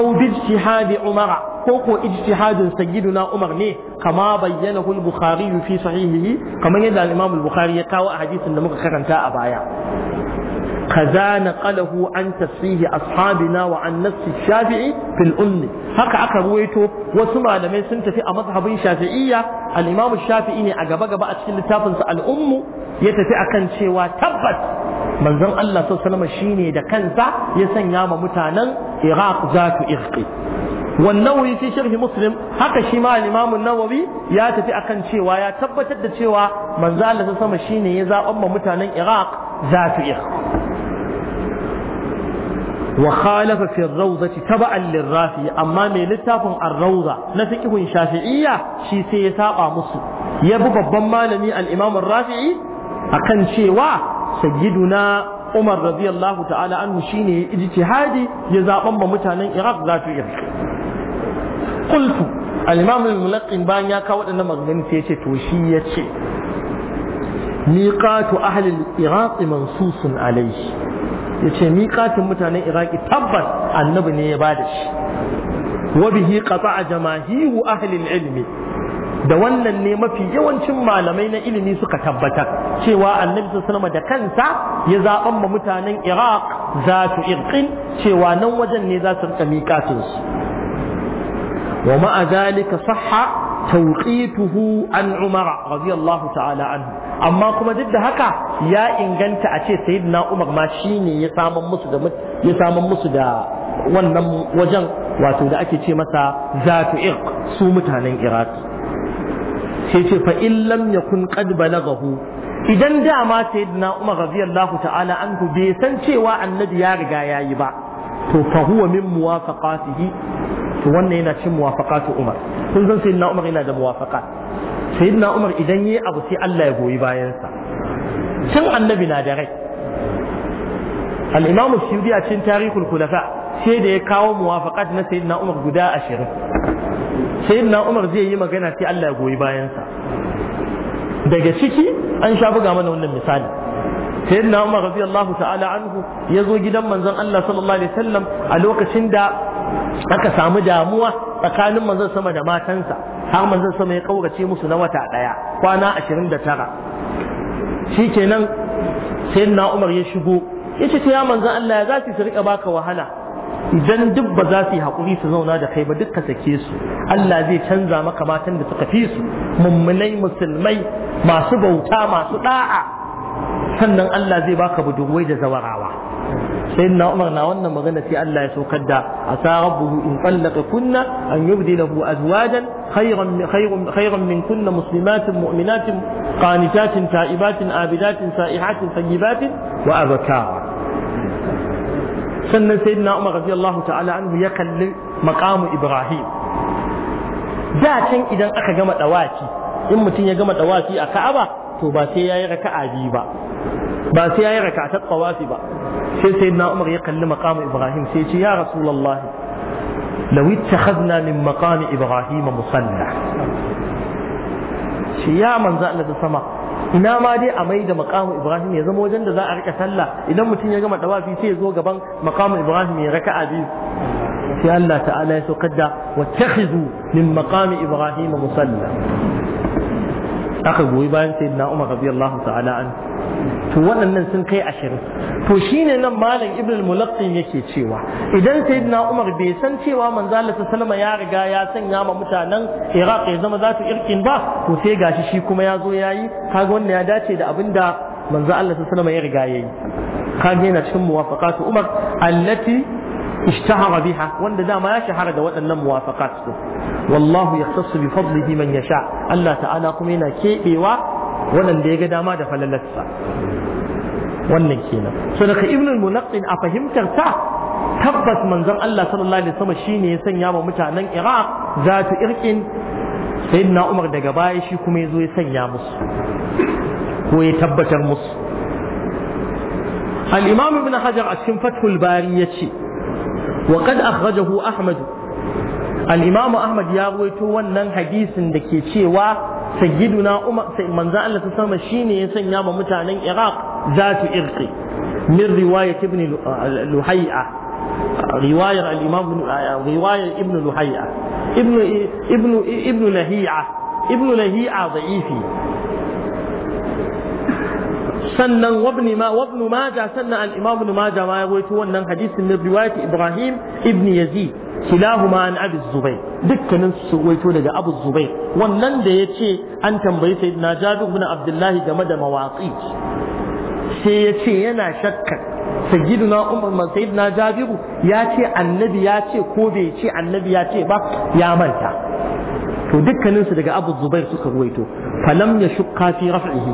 aw bi ijtihadi umara koko ko ijtihadin sayyiduna Umar ne kama bayyana hul Bukhari fi sahihihi kamar yadda al-Imam al-Bukhari ya kawo a hadisin da muka karanta a baya kaza naqalahu an tafsihi ashabina wa an nafsi shafi'i fil haka aka ruwaito wasu malamai sun tafi a mazhabin shafi'iyya al-Imam shafi'i ne a gaba gaba a cikin littafinsa al-Ummu ya tafi akan cewa tabbas manzon Allah sallallahu alaihi wasallam shine da kansa ya sanya ma mutanen Iraq zatu irqi والنووي في شرح مسلم haka shi ma al-Imam an ya tafi akan cewa ya tabbatar da cewa manzo Allah sama shine ya zaban ma mutanen Iraq zafir wa khalafa fi ar-rawzati tab'an lir-rafi amma mai littafin ar-rawza na fiqhun shafi'iyya shi sai ya saɓa musu ya bi babban malami al-Imam ar-Rafi'i akan cewa na Umar radiyallahu ta'ala anhu shine ya ijtihadi ya zaban ma mutanen Iraq zafir qultu al-imam al-mulaqqin bayan ya kawo wadannan maganganun sai yace to shi yace miqatu ahli al-iraq mansusun alayhi yace miqatin mutanen iraki tabbas annabi ne ya bada shi wa bihi qata'a jamahiru ahli al-ilmi da wannan ne mafi yawancin malamai na ilimi suka tabbatar cewa annabi sallallahu da kansa ya zaban ma mutanen Iraq za su irqin cewa nan wajen ne za su rika miƙatin su ومع ذلك صح توقيته عن عمر رضي الله Amma kuma أما كما ضد هكا يا إن جنت أتي سيدنا عمر ya شيني يسامى مسجد يسامى wannan wajen wato da ake ce masa zatu irq su mutanen iraq sai ce fa in lam yakun qad balagahu idan dama sayyidina umar radiyallahu ta'ala anhu bai san cewa annabi ya riga yayi ba to fa huwa min muwafaqatihi to wannan yana cin muwafaqatu Umar kun san sayyidina Umar yana da muwafaqa sayyidina Umar idan yayi abu sai Allah ya goyi bayansa tun annabi na da rai al-Imam Suyuti a cikin tarihul khulafa sai da ya kawo muwafaqat na sayyidina Umar guda 20 sayyidina Umar zai yi magana sai Allah ya goyi bayansa daga ciki an sha buga mana wannan misali sayyidina Umar radiyallahu ta'ala anhu ya zo gidan manzon Allah sallallahu alaihi wasallam a lokacin da aka samu damuwa tsakanin manzon sama da matansa har manzon sama ya kaurace musu na wata daya kwana 29 shikenan na Umar ya shigo yace to ya manzon Allah ya zaki su rika baka wahala idan duk ba za su yi haƙuri su zauna da kai ba duk ka sake su Allah zai canza maka matan da suka fi su mummunai musulmai masu bauta masu da'a sannan Allah zai baka budurwai da zawarawa sayyidina Umar na wannan magana sai Allah ya saukar da asa rabbuhu in tallaka kunna an yubdilahu azwajan khayran khayran khayran min kunna muslimatin mu'minatin qanitatin ta'ibatin abidatin sa'ihatin tayyibatin wa abkara sannan sayyidina Umar radiyallahu ta'ala anhu ya kalli maqamu Ibrahim da can idan aka gama dawaki in mutum ya gama dawaki a Ka'aba to ba sai yayi raka'a biyu ba ba sai ya yayi rakatat tawafi ba sai sayyidina Umar ya kalli maqamu Ibrahim sai ya ce ya Rasulullah law ittakhadna min maqami Ibrahim musalla shi ya manzo Allah ta sama ina ma dai a mai da maqamu Ibrahim ya zama wajen da za a rika sallah idan mutum ya gama tawafi sai ya zo gaban maqamu Ibrahim ya raka'a biyu sai Allah ta'ala ya saukar da wattakhidhu min maqami Ibrahim musalla aka goyi bayan na Umar radiyallahu ta'ala an to waɗannan sun kai ashirin to shine nan malam ibn al yake cewa idan na Umar bai san cewa manzo Allah sallama ya riga ya sanya ma mutanen Iraq ya zama su irkin ba to sai gashi shi kuma ya zo yayi kaga wannan ya dace da abinda manzo Allah sallama ya riga yayi kaga yana cikin muwafaqatu Umar allati ishtahara biha wanda dama ya shahara da waɗannan muwafaka su wallahu yahtassu bi fadlihi man yasha Allah ta'ala kuma yana kebewa waɗanda ya ga dama da falalarsa wannan kenan so daga ibn al-munaqqin a fahimtar ta tabbas manzon Allah sallallahu alaihi wasallam shine ya sanya wa mutanen Iraq zatu irkin sayyidina Umar daga baya shi kuma yazo ya sanya musu ko ya tabbatar musu al-imam hajar a cikin fathul bari ce. وقد أخرجه أحمد الإمام أحمد يروي تون نن حديث دكيتشي و سيدنا عمر سي من زال الله تسمى شيني يسن ياما متعنين إراق ذات إرقي من رواية ابن آه، لحيئة رواية الإمام آه، رواية ابن لحيئة ابن ابن ابن لهيئة ابن لهيئة ضعيفي sannan wabni ma wabnu maja sannan al-imam ibn maja ma ya rawaito wannan hadisin na riwayat ibrahim ibn yazid kilahuma an abi zubair dukkanin su daga abu zubair wannan da yace an tambayi sayyidina jabir ibn abdullahi game da mawaqi sai yace yana shakkar sayyidina umar man sayyidina jabir ya ce annabi ya ce ko bai ce annabi ya ce ba ya manta to dukkaninsu daga abu zubair suka ruwaito falam ya shukka fi raf'ihi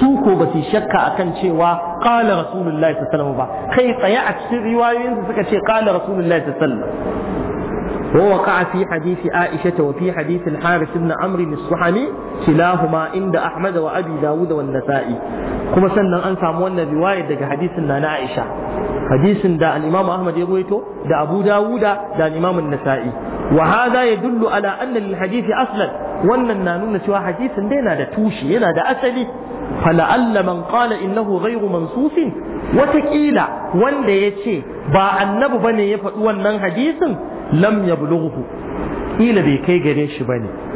su ko ba su shakka akan cewa qala rasulullahi sallallahu ba kai tsaye a cikin riwayoyin su suka ce qala rasulullahi sallallahu ووقع في حديث عائشة وفي حديث الحارث بن عمرو الصحمي كلاهما عند أحمد وأبي داود والنسائي كما سنة أن hadisin da imam Ahmad ya ruwaito da Abu Dawuda da al'imam Nasa'i Wahaza ya yadullu ala hadisi aslan wannan na nuna cewa hadisin da yana da tushe yana da asali fala'alla ƙala inna innahu ghayru mansusin watakila wanda ya ce ba annabi bane ya faɗi wannan hadisin lam yablughu Ƙila bai kai gare shi bane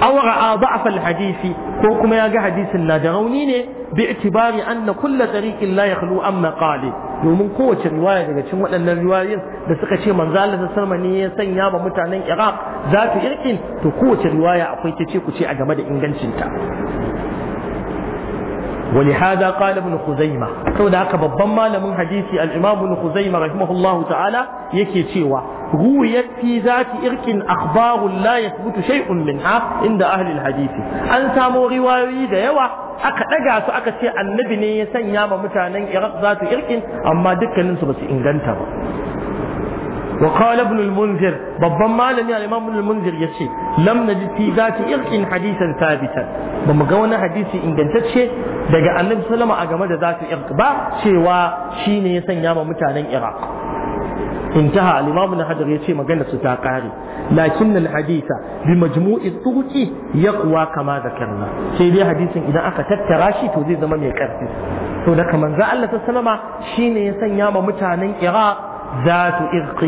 aw a da'af hadisi ko kuma ya ga hadisin na da rauni ne bi itibari anna kullu tariqin la yakhlu an maqali domin kowace riwaya daga cikin waɗannan riwayoyin da suka ce manzo Allah sallallahu ne ya sanya ba mutanen Iraq za ta irkin to kowace riwaya akwai ta ce ku ce a game da ingancinta ولهذا قال ابن خزيمة سودا هكا ببما لمن حديثي الإمام ابن خزيمة رحمه الله تعالى يكي تشيوا رويت في ذات إرك أخبار لا يثبت شيء منها عند أهل الحديث أن سامو رواية ديوا aka ɗaga su aka ce annabi ne ya sanya ma mutanen Iraq za su irkin amma dukkaninsu ba su inganta ba wa qala ibn al-munzir babban malami al-imam ibn al-munzir yace lam najid fi zati irqin hadisan thabitan ba mu ga wani hadisi ingantacce daga annabi sallama a game da zati irq ba cewa shine ya sanya ma mutanen iraq انتهى الإمام الحجر يشي مجنة ستاقاري لكن الحديث بمجموع الطرق يقوى كما ذكرنا شيء دي حديث إذا أكا تتراشي توزي زمان يكرسي to da kamanzo Allah ta sallama shine ya sanya ma mutanen Irak. ذات إذق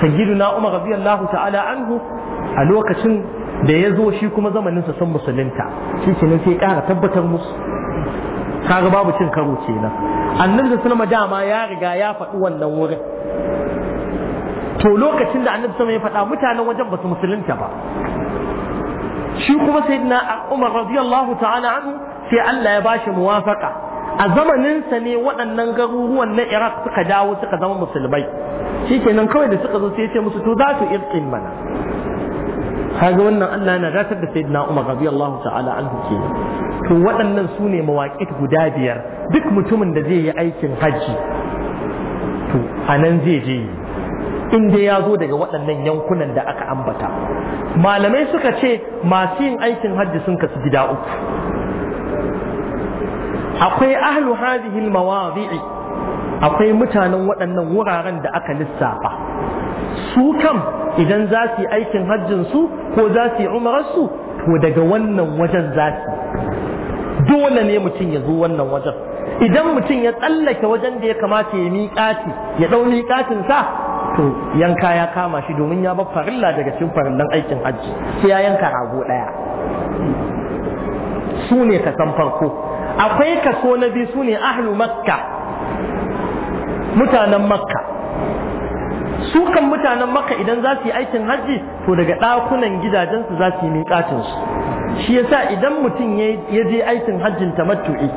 سيدنا عمر رضي الله تعالى عنه الوقت da ya zo shi kuma zamaninsa sun musulunta shi sai ƙara tabbatar musu kaga babu cin karo kenan annabi da sulma dama ya riga ya faɗi wannan wurin to lokacin da annabi sama ya faɗa mutanen wajen basu su musulunta ba shi kuma sai na umar ta'ala sai Allah ya bashi muwafaka a zamaninsa ne waɗannan garuruwan na iraq suka dawo suka zama musulmai shi kenan kawai da suka zo sai ce musu to za su irkin mana kaga wannan Allah yana ratar da sayyidina Umar radiyallahu ta'ala anhu ke to waɗannan su ne mawaƙit guda biyar duk mutumin da zai yi aikin hajji to a nan zai je yi in dai ya zo daga waɗannan yankunan da aka ambata malamai suka ce masu yin aikin hajji sun kasu gida uku akwai ahlu hadhihi almawadi'i akwai mutanen waɗannan wuraren da aka lissafa su kam idan za su yi aikin hajjin su ko za su yi umarar su to daga wannan wajen za su dole ne mutum ya zo wannan wajen idan mutum ya tsallake wajen da ya kamata ya miƙati ya ɗau miƙatin sa to yanka ya kama shi domin ya bar farilla daga cikin farillan aikin hajji sai ya yanka rago ɗaya su ne ka san farko akwai kaso na biyu su ne ahlu makka mutanen makka su kan mutanen makka idan za su yi aikin hajji to daga ɗakunan gidajensu za su yi miƙatinsu shi yasa idan mutum ya je aikin hajjin matu'i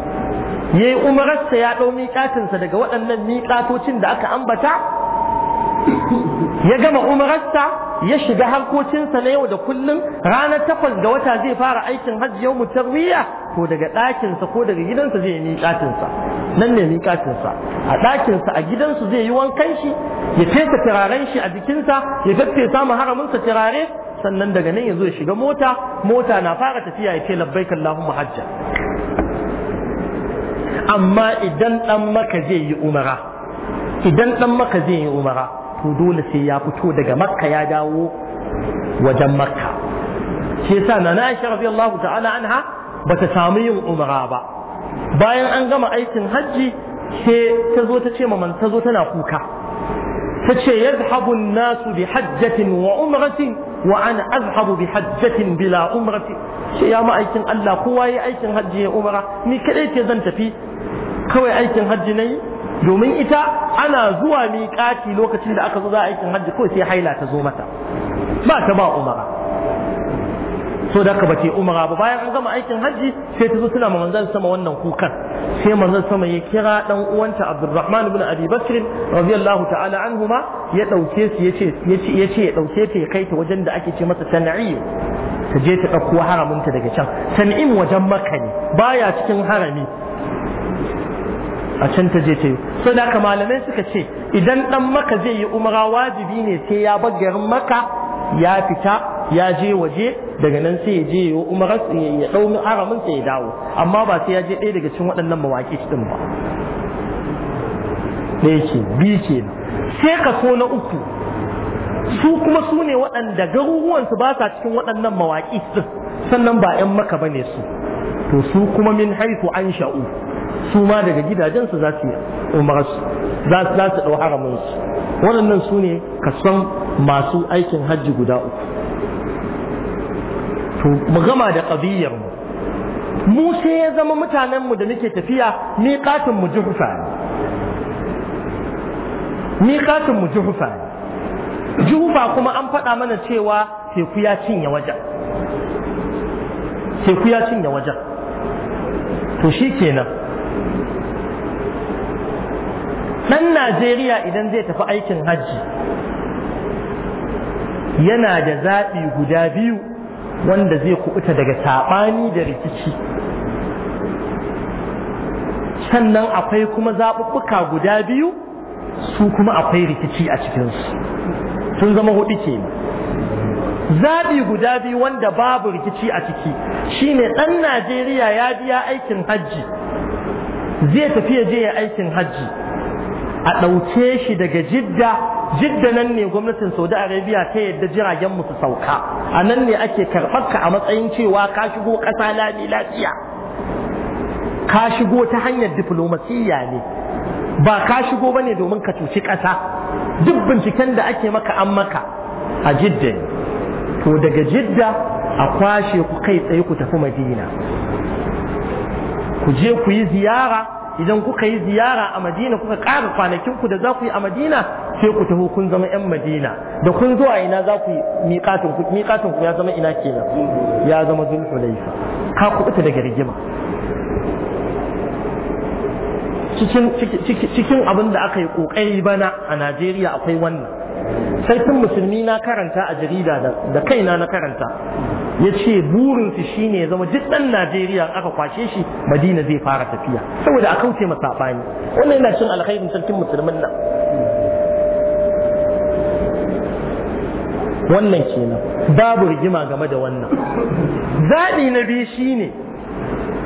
ya yi umararsa ya ɗau miƙatinsa daga waɗannan miƙatocin da aka ambata ya gama umararsa ya shiga harkocinsa na yau da kullum ranar takwas ga wata zai fara aikin hajji yau mutarwiya ko daga ɗakinsa ko daga gidansa zai yi miƙatinsa nan ne miƙatinsa a ɗakinsa a gidansu zai yi wankan shi ya fesa turaren shi a jikinsa ya faffesa samun haraminsa turare sannan daga nan ya zo ya shiga mota mota na fara tafiya ya ce labbaik Allahumma hajja amma idan ɗan maka zai yi umara to dole sai ya fito daga makka ya dawo wajen makka shi yasa na na aisha radiyallahu ta'ala anha ta samu yin umra ba bayan an gama aikin hajji sai ta zo ta ce ma ta zo tana kuka ta ce yadhhabu an-nasu bi hajjatin wa umratin wa ana azhabu bi hajjatin bila umrati ya ma aikin Allah kowa yayi aikin hajji ya umra ni kadai ce zan tafi kawai aikin hajji nayi domin ita ana zuwa miƙati lokacin da aka zo za a aikin hajji kawai sai haila ta zo mata ba ta ba umara so da ka bace umara ba bayan an gama aikin hajji sai ta zo tana ma manzon sama wannan kukan sai manzon sama ya kira dan uwanta Abdulrahman ibn Abi Bakr radiyallahu ta'ala anhuma ya dauke su yace yace yace ya dauke ta ya kai ta wajen da ake ce masa tan'i ta je ta dauko ta daga can tan'im wajen makka ne baya cikin harami a can ta je ta yi so da malamai suka ce idan dan maka zai yi umara wajibi ne sai ya bar garin maka ya fita ya je waje daga nan sai ya je ya umara ya dau aramin sai ya dawo amma ba sai ya je ɗaya daga cikin waɗannan mawaƙi din ba ɗaya ke bi ke sai so na uku su kuma su ne waɗanda garuruwansu ba sa cikin waɗannan mawaƙi sannan ba 'yan maka ba ne su to su kuma min haifu an sha'u su ma daga gidajensu za su yi umarsu za su ɗau haraminsu waɗannan su ne kasan masu aikin hajji guda uku to mu gama da ƙabiyyar mu mu sai ya zama mutanen mu da nake tafiya katin mu juhufa ne katin mu juhufa ne juhufa kuma an faɗa mana cewa teku ya cinye wajen teku ya cinye wajen to shi kenan ɗan najeriya idan zai tafi aikin hajji yana da zaɓi guda biyu wanda zai kubuta daga saɓani da rikici sannan akwai kuma zaɓuɓɓuka guda biyu su kuma akwai rikici a cikinsu sun zama hudu ke zaɓi guda biyu wanda babu rikici a ciki shine ɗan najeriya ya biya aikin hajji zai tafiya ya je ya aikin hajji a ɗauke shi daga jidda jidda nan ne gwamnatin saudi arabia ta yadda jiragen mu su sauka a nan ne ake karɓar ka a matsayin cewa ka shigo ƙasa lami lafiya ka shigo ta hanyar diflomasiyya ne ba ka shigo ba ne domin ka cuci ƙasa duk binciken da ake maka an maka a jidda to daga jidda a kwashe ku kai tsaye ku tafi madina ku je ku yi ziyara idan kuka yi ziyara a madina kuka ƙara kwanakin ku da za ku yi a madina sai ku taho kun zama yan madina da kun zuwa ina za ku yi ku ya zama ina kenan ya zama zulhulaifa ka kuɓuta daga rigima cikin cikin abin da aka yi ƙoƙari bana a Najeriya akwai wannan sarkin musulmi na karanta a jarida da kaina na karanta ya ce burinsu shi ne zama duk ɗan najeriya aka kwashe shi madina zai fara tafiya saboda a kauce masa bani wannan yana cin alkhairin sarkin musulmin nan wannan kenan babu rigima game da wannan zaɓi na biyu shi ne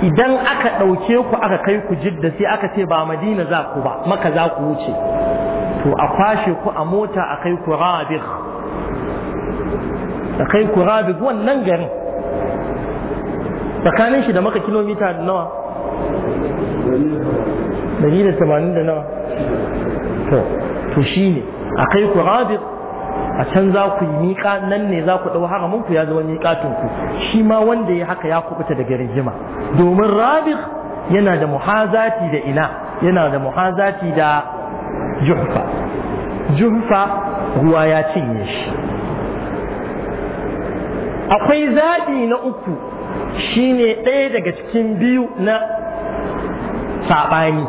idan aka ɗauke ku aka kai ku jidda sai aka ce ba madina za ku ba maka za ku wuce to a kwashe ku a mota a kai ku rabih a kai ku rabih wannan garin tsakanin shi da maka kilomita da nawa dari da tamanin da nawa to to shi ne a kai ku rabih a can za ku yi miƙa nan ne za ku ɗau haramin ku ya zama miƙatin ku shi ma wanda ya haka ya kubuta daga rigima domin rabih yana da muhazati da ina yana da muhazati da juhfa juhfa ruwa ya cinye shi akwai zaɓi na uku shine ɗaya daga cikin biyu na saɓani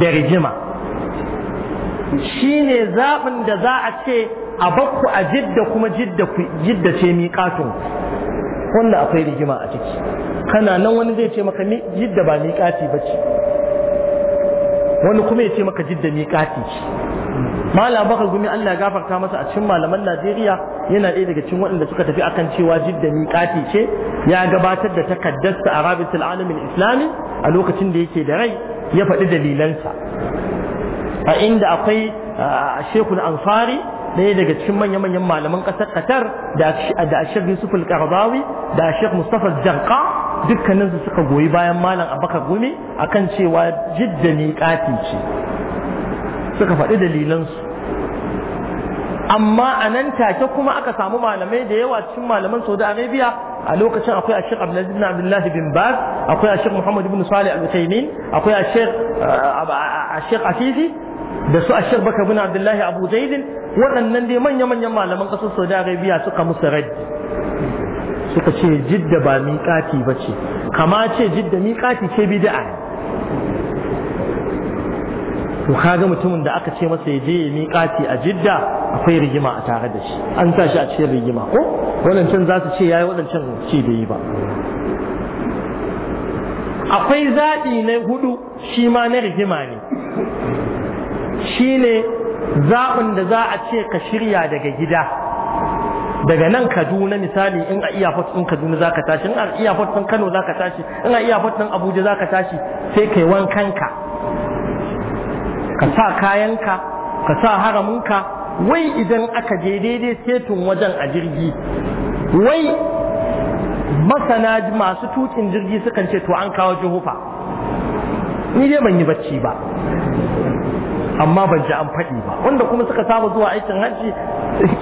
da rijima shine zaɓin da za a ce a bakku a jidda kuma jidda ce miƙatun wanda akwai rigima a ciki kana nan wani zai ce maka jidda ba miƙati ba ce wani kuma ya ce maka jidda miƙati malam bakar gumi Allah ya gafarta masa a cikin malaman Najeriya yana ɗaya daga cikin waɗanda suka tafi akan cewa jidda miƙati ce ya gabatar da takaddasta a rabitul alamin islami a lokacin da yake da rai ya faɗi dalilansa a inda akwai shekul ansari ɗaya daga cikin manya-manyan malaman ƙasar Qatar da a Sheikh Yusuf karbawi da a Sheikh Mustafa zarka dukkaninsu suka goyi bayan malam abaka gumi akan cewa jidda miƙati ce suka faɗi dalilansu amma a nan take kuma aka samu malamai da yawa cikin malaman saudi arabia a lokacin akwai a shek abdulaziz bin abdullahi bin baz akwai a shek muhammad bin salih al utaimin akwai a shek a shek afifi da su a shek baka bin abdullahi abu zaidin waɗannan dai manya-manyan malaman ƙasar saudi arabia suka musu raddi suka ce jidda ba miƙati ba ce kama ce jidda miƙati ce bid'a da'a. to kaga mutumin da aka ce masa ya je ya miƙati a jidda akwai rigima a tare da shi an sa shi a cikin rigima ko wadancan za su ce ya yi wadancan ce bai yi ba akwai zaɓi na hudu shi ma na rigima ne shi ne zaɓin da za a ce ka shirya daga gida daga nan kaduna misali in a iyafot ɗin kaduna za ka tashi in a iyafot ɗin kano za ka tashi in a iyafot ɗin abuja za ka tashi sai kai wankanka ka sa kayanka ka sa haramunka wai idan aka je daidai setun wajen a jirgi wai masana masu tukin jirgi sukan ce to an kawo jihufa ni dai ban yi bacci ba amma ban ji an faɗi ba wanda kuma suka saba zuwa aikin hajji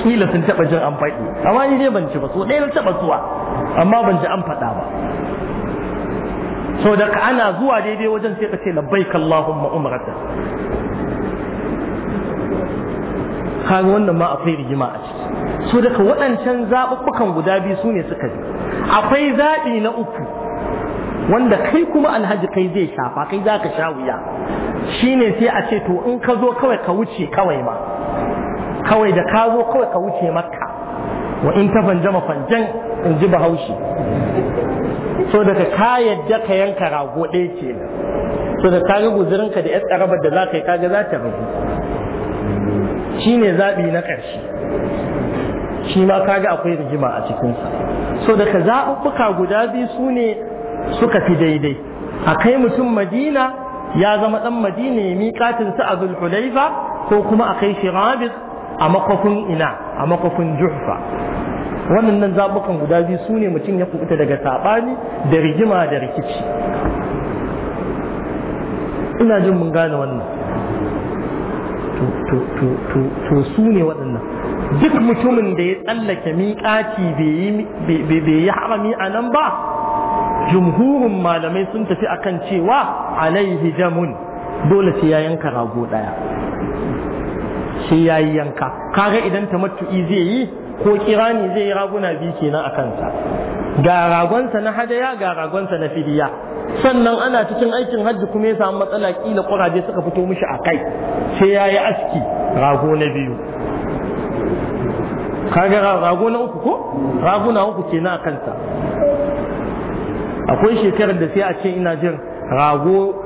kila sun taɓa jin an faɗi amma ni dai ban ci ba so ɗaya na taɓa zuwa amma ban ji an faɗa ba so da ana zuwa daidai wajen sai ka ce labbaik Allahumma umrata kaga wannan ma akwai rigima a ciki so ka waɗancan zaɓuɓɓukan guda biyu su ne suka bi akwai zaɓi na uku wanda kai kuma alhaji kai zai shafa kai za ka sha wuya shine sai a ce to in ka zo kawai ka wuce kawai ma kawai da ka zo kawai ka wuce makka wa in ta fanjama fanjan in ji bahaushe so daga ka yadda ka yanka rago ɗaya ce nan so da ka ga guzurinka da 'yar tsarabar da za ka yi kaga za ta ragu shi ne zaɓi na ƙarshe shi ma kaga akwai rigima a cikinsa so daga zaɓuɓɓuka guda biyu su ne suka fi daidai a kai mutum madina ya zama ɗan madina ya miƙatinsa a zulhulaifa ko kuma a kai shi rabis a makofin ina a makofin juhfa wannan zabukan guda biyu su ne mutum ya kubuta daga saɓani da rigima da rikici ina jin mun gane wannan to su ne waɗannan duk mutumin da ya tsallake miƙaci bai yi harami a nan ba jumhurin malamai sun tafi akan cewa alaihi jamun dole sai ya yanka rago ɗaya sai ya yi yanka kaga idan ta matuƙi zai yi ko kirani zai yi raguna biyu kenan a kansa ga ragonsa na hadaya ga ragonsa na fidiya sannan ana cikin aikin hajji kuma ya samu matsala kila kuraje suka fito mishi a kai sai ya yi aski rago na biyu kaga rago na uku ko raguna uku kenan a kansa akwai shekarar da sai a ce ina jin rago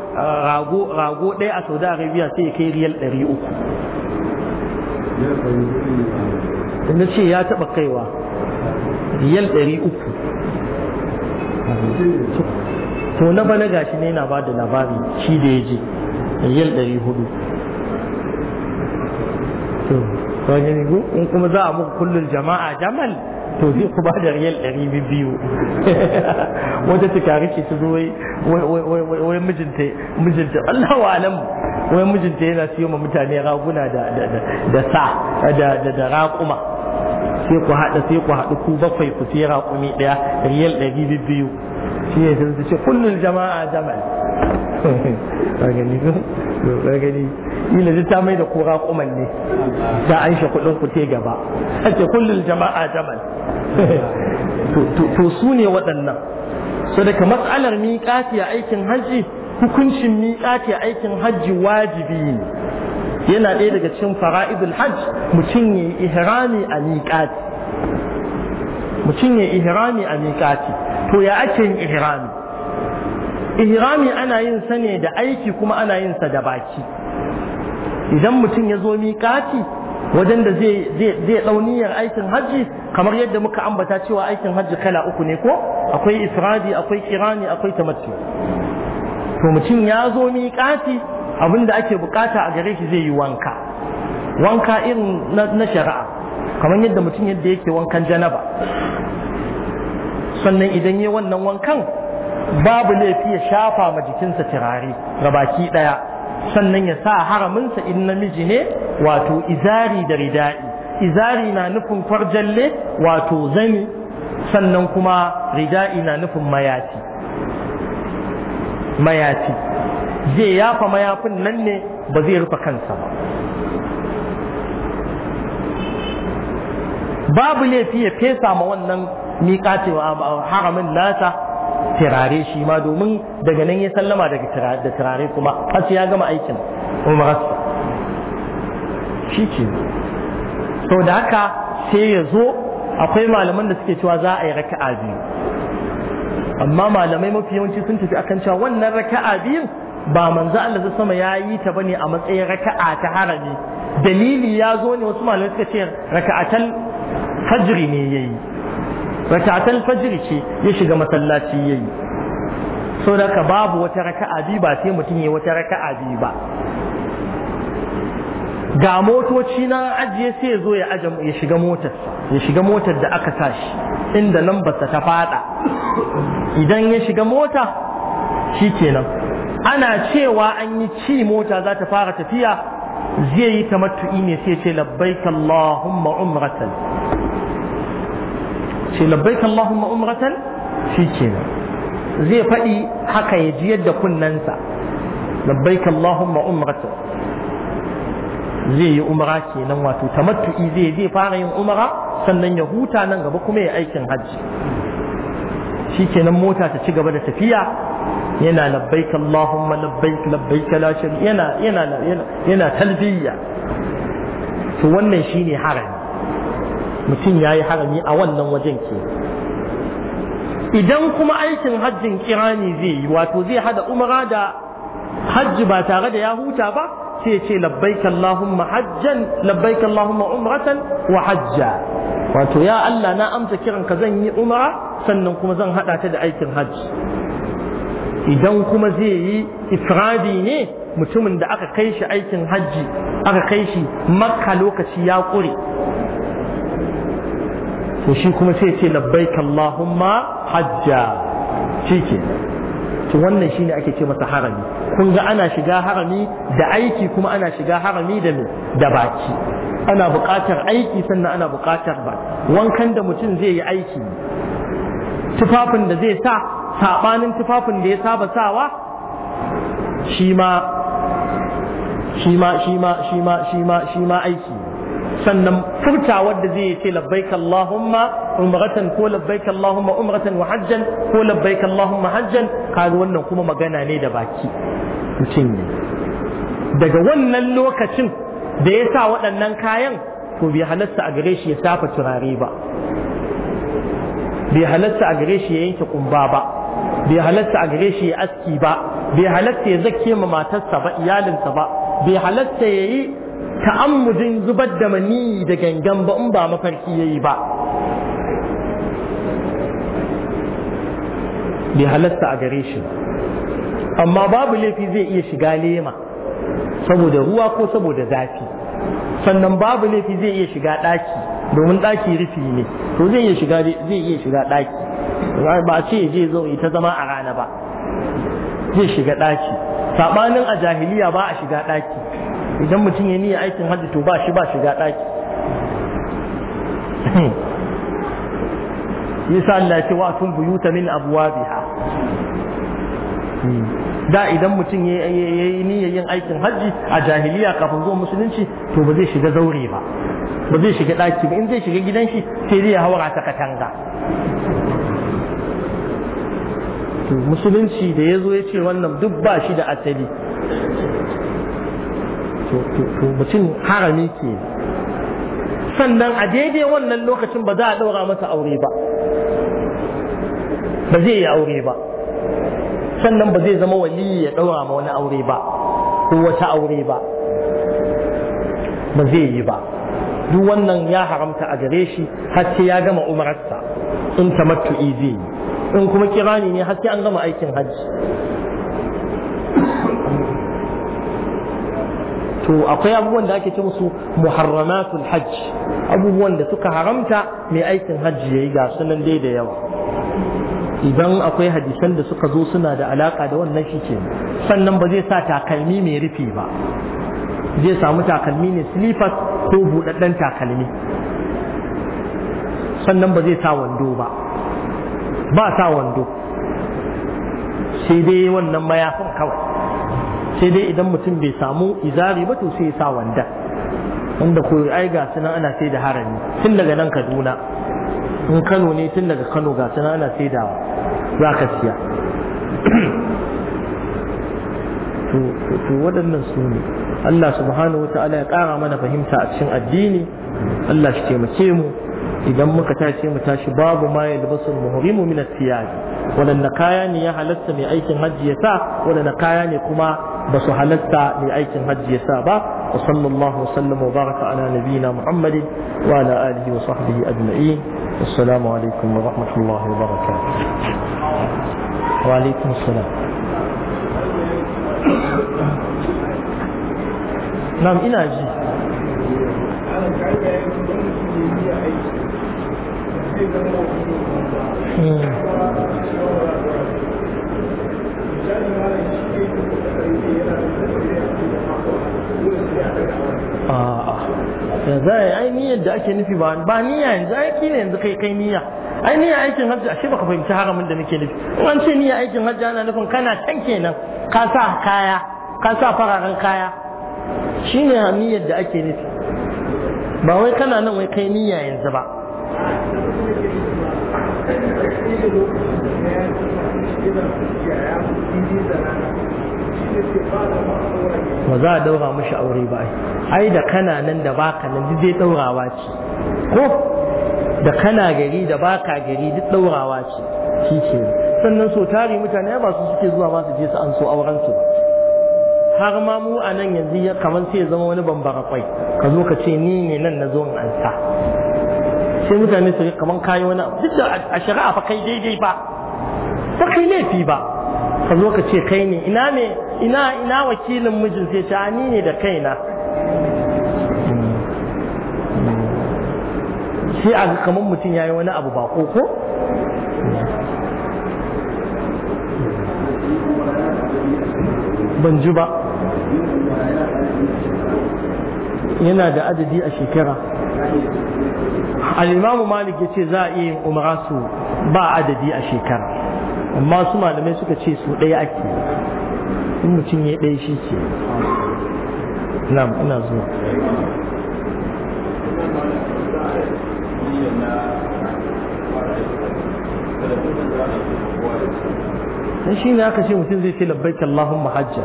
rago ɗaya a saudi arabia sai ya kai riyal ɗari uku na ce ya taɓa kaiwa yal ɗari uku to na bana gashi ne na bada labari shi da ya je riyal ɗari hudu in kuma za a muku kullum jama'a jamal to zai ku ba da riyal ɗari biyu wata tukari ce ta zo wai mijinta mijinta wa alamu wai mijinta yana siyo ma mutane raguna da da sa da da raƙuma sai ku haɗa sai ku haɗu ku bakwai ku sai raƙumi ɗaya riyal ɗari biyu shi ne sun ce kullum jama'a jamal gani ina ji ta mai da kura kuman ne ta an shi kudin ku te gaba a ce kullum jama'a jama'a to su ne waɗannan so daga matsalar miƙati a aikin hajji hukuncin miƙati aikin hajji wajibi ne yana ɗaya daga cikin fara'idul hajj mutum ya ihrami a miƙati mutum ya ihrami a miƙati to ya ake yin ihrami ihrami ana yin sa ne da aiki kuma ana yin sa da baki idan mutum ya zo miƙati wajen da zai tsauniyar aikin hajji kamar yadda muka ambata cewa aikin hajji kala uku ne ko akwai isradi akwai kirani akwai tamattu to mutum ya zo miƙati abinda ake bukata a gare shi zai yi wanka wanka irin na shari'a kamar yadda mutum yadda yake wankan janaba sannan idan yi wannan wankan babu laifi ya shafa ma jikinsa turare ga baki ɗaya sannan ya sa haraminsa in namiji ne wato izari da rida'i izari na nufin kwarjalle wato zani sannan kuma rida'i na nufin mayafi mayafi zai yafa mayafin nan ne ba zai rufe kansa ba babu laifi ya fesa ma wannan miƙa cewa haramin nasa tirare shi ma domin daga nan ya sallama daga da tirare kuma har ya gama aikin umararsa shi ke sau da haka sai ya zo akwai malaman da suke cewa za a yi raka'a biyu amma malamai mafi yawanci sun tafi akan cewa wannan raka'a biyu ba manzo Allah zai sama yayi ta bane a matsayin raka'a ta harami dalili ya zo ne wasu malamai suka ce raka'atan fajri ne yayi raka'atan fajri ce ya shiga masallaci yayi so daga babu wata raka'a biyu ba sai mutum yayi wata raka'a biyu ba ga motoci na ajiye sai ya zo ya ajiye ya shiga motarsa ya shiga motar da aka tashi inda lambarsa ta fada idan ya shiga mota shi kenan ana cewa an yi ci mota za ta fara tafiya zai yi tamattu'i ne sai ce labbaik Allahumma umratan ce labbaik Allahumma umratan shi kenan zai faɗi haka ya ji yadda kunnansa labbaik Allahumma umratan zai yi umra kenan wato tamattu'i zai zai fara yin umra sannan ya huta nan gaba kuma ya aikin hajji shi kenan mota ta ci gaba da tafiya yana labbaik Allahumma labbaik labbaik la yana yana yana to wannan shine harami mutum yayi harami a wannan wajen ke idan kuma aikin hajjin kirani zai yi wato zai hada umara da hajji ba tare da ya huta ba sai ce labbaik Allahumma hajjan labbaik Allahumma umratan wa hajja wato ya Allah na amsa kiran ka zan yi umra sannan kuma zan hada ta da aikin hajji idan kuma zai yi ifradi ne mutumin da aka kai shi aikin hajji aka kai shi makka lokaci ya kure to shi kuma sai ce labbaik Allahumma hajja shi ke to wannan shine ake ce masa harami kun ga ana shiga harami da aiki kuma ana shiga harami da da baki ana buƙatar aiki sannan ana buƙatar ba wankan da mutum zai yi aiki tufafin da zai sa saɓanin tufafin da ya saba sawa shi ma shi ma shi ma shi ma shi ma aiki sannan furta wadda zai ce labbaik Allahumma umratan ko labbaik Allahumma umratan wa hajjan ko labbaik Allahumma hajjan kaga wannan kuma magana ne da baki mutum ne daga wannan lokacin da ya sa waɗannan kayan to bai halatta a gare shi ya safa turare ba bai halatta a gare shi ya yanke kumba ba bai halatta a gare shi ya aski ba bai halatta ya zake ma matarsa ba iyalinsa ba bai halatta ya yi ta'ammudin zubar da mani da gangan ba in ba mafarki yayi ba bai halatta a gare shi amma babu laifi zai iya shiga lema saboda ruwa ko saboda zafi sannan babu laifi zai iya shiga ɗaki domin ɗaki rufi ne to zai iya shiga zai iya shiga ɗaki ba ce zai zo ita zama a rana ba zai shiga ɗaki saɓanin a jahiliya ba a shiga ɗaki idan mutum ya niyya aikin hajji to ba shi ba shiga ɗaki yasa Allah na ce wa buyuta min abwabiha da idan mutum ya yi niyyar yin aikin hajji a jahiliya kafin zuwa musulunci to ba zai shiga zaure ba ba zai shiga ɗaki ba in zai shiga gidan shi sai zai haura ta katanga musulunci da ya zo ya ce wannan duk ba shi da asali mutum harami ke sannan a daidai wannan lokacin ba za a ɗora masa aure ba ba zai yi aure ba sannan ba zai zama waliyi ya ɗaura ma wani aure ba ko wata aure ba ba zai yi ba duk wannan ya haramta a gare shi har sai ya gama umararsa in tamattu'i zai yi in kuma kirani ne har sai an gama aikin hajji to akwai abubuwan da ake ce musu muharramatul hajj abubuwan da suka haramta mai aikin hajji yayi ga sunan dai da yawa idan akwai hadisan da suka zo suna da alaka da wannan shi ke sannan ba zai sa takalmi mai rufe ba zai samu takalmi ne silifas ko buɗaɗɗen takalmi sannan ba zai sa wando ba ba sa wando sai dai wannan mayafin kawai sai dai idan mutum bai samu izari ba to sai ya sa wanda wanda ko ai ga sunan ana sai da harami tun daga nan Kaduna in Kano ne tun daga Kano ga sunan ana sai da za ka siya to waɗannan su ne Allah subhanahu wata'ala ya ƙara mana fahimta a cikin addini Allah shi taimake mu idan muka tashi mu tashi babu ma ya libasul muhrimu min at-thiyab wala kaya ne ya halatta mai aikin hajji ya sa wala kaya ne kuma ba su halatta mai aikin hajji ya sa ba wa sallallahu wasallam wa baraka ala nabina muhammadin wa ala alihi wa sahbihi ajma'in assalamu alaikum wa rahmatullahi wa barakatuh wa alaikum assalam na'am ina ji Hmm. yanzu ai ai niyyar da ake nufi ba ba niyya yanzu aiki ne yanzu kai kai niyya ai niyya aikin hajji ashe baka fahimci haramun da nake nufi in ce niyya aikin hajji ana nufin kana can kenan ka sa kaya ka sa fararen kaya shine niyyar da ake nufi ba wai kana nan wai kai niyya yanzu ba Thank you. ba za a daura mashi aure ba ai da kana nan da baka nan duk zai daurawa ce ko da kana gari da baka gari duk daurawa ce shi ke sannan so tari mutane ba su suke zuwa ba su je su an so auren su har ma mu a nan yanzu ya kamar sai ya zama wani bambara kwai ka zo ka ce ni ne nan na zo in an sa sai mutane su kamar kayi wani duk da a shari'a fa kai daidai ba ba kai laifi ba ka zo ka ce kai ne ina ne ina ina wakilin mijin sai ta ni ne da kaina sai a kaman mutum ya yi wani abu ba ko ko ban ji ba yana da adadi a shekara al'imamu malik ya ce za a iya yin umara su ba adadi a shekara amma su malamai suka ce su ɗaya ake in mutum ya ɗaya shi ke na ina zuwa dan shi ne aka ce mutum zai ce labbaik Allahumma hajja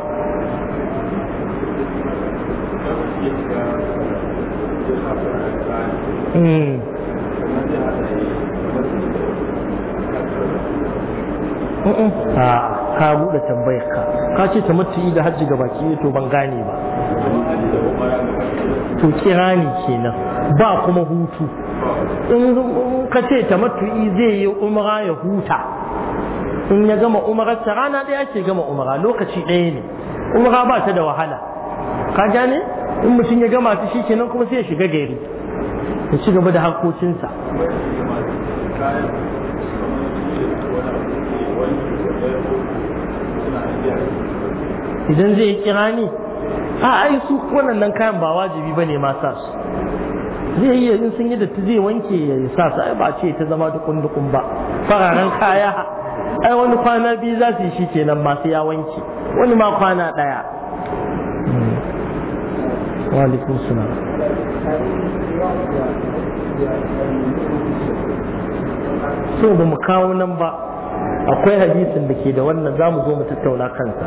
mm ka bude tambayar ka ka ce ta mutu da hajji ga baki to ban gane ba to kirani kenan ba kuma hutu in ka ce ta mutu zai yi umra ya huta in ya gama umarar ta rana ɗaya ake gama umara lokaci ɗaya ne umara ba ta da wahala ka gane in mutum ya gama ta shi kenan kuma sai ya shiga gari ya ci gaba da harkokinsa idan zai kira ni a ai su wannan kayan ba wajibi ba ne ma sa su zai yi yanzu sun yi da zai wanke ya sa su ai ba ce ta zama dukun dukun ba fararen kaya ai wani kwana biyu za su yi shi kenan masu ya wanke wani ma kwana ɗaya hmm. walikun suna so ba mu kawo nan ba akwai hadisin da ke da wannan za mu zo mu tattauna kansa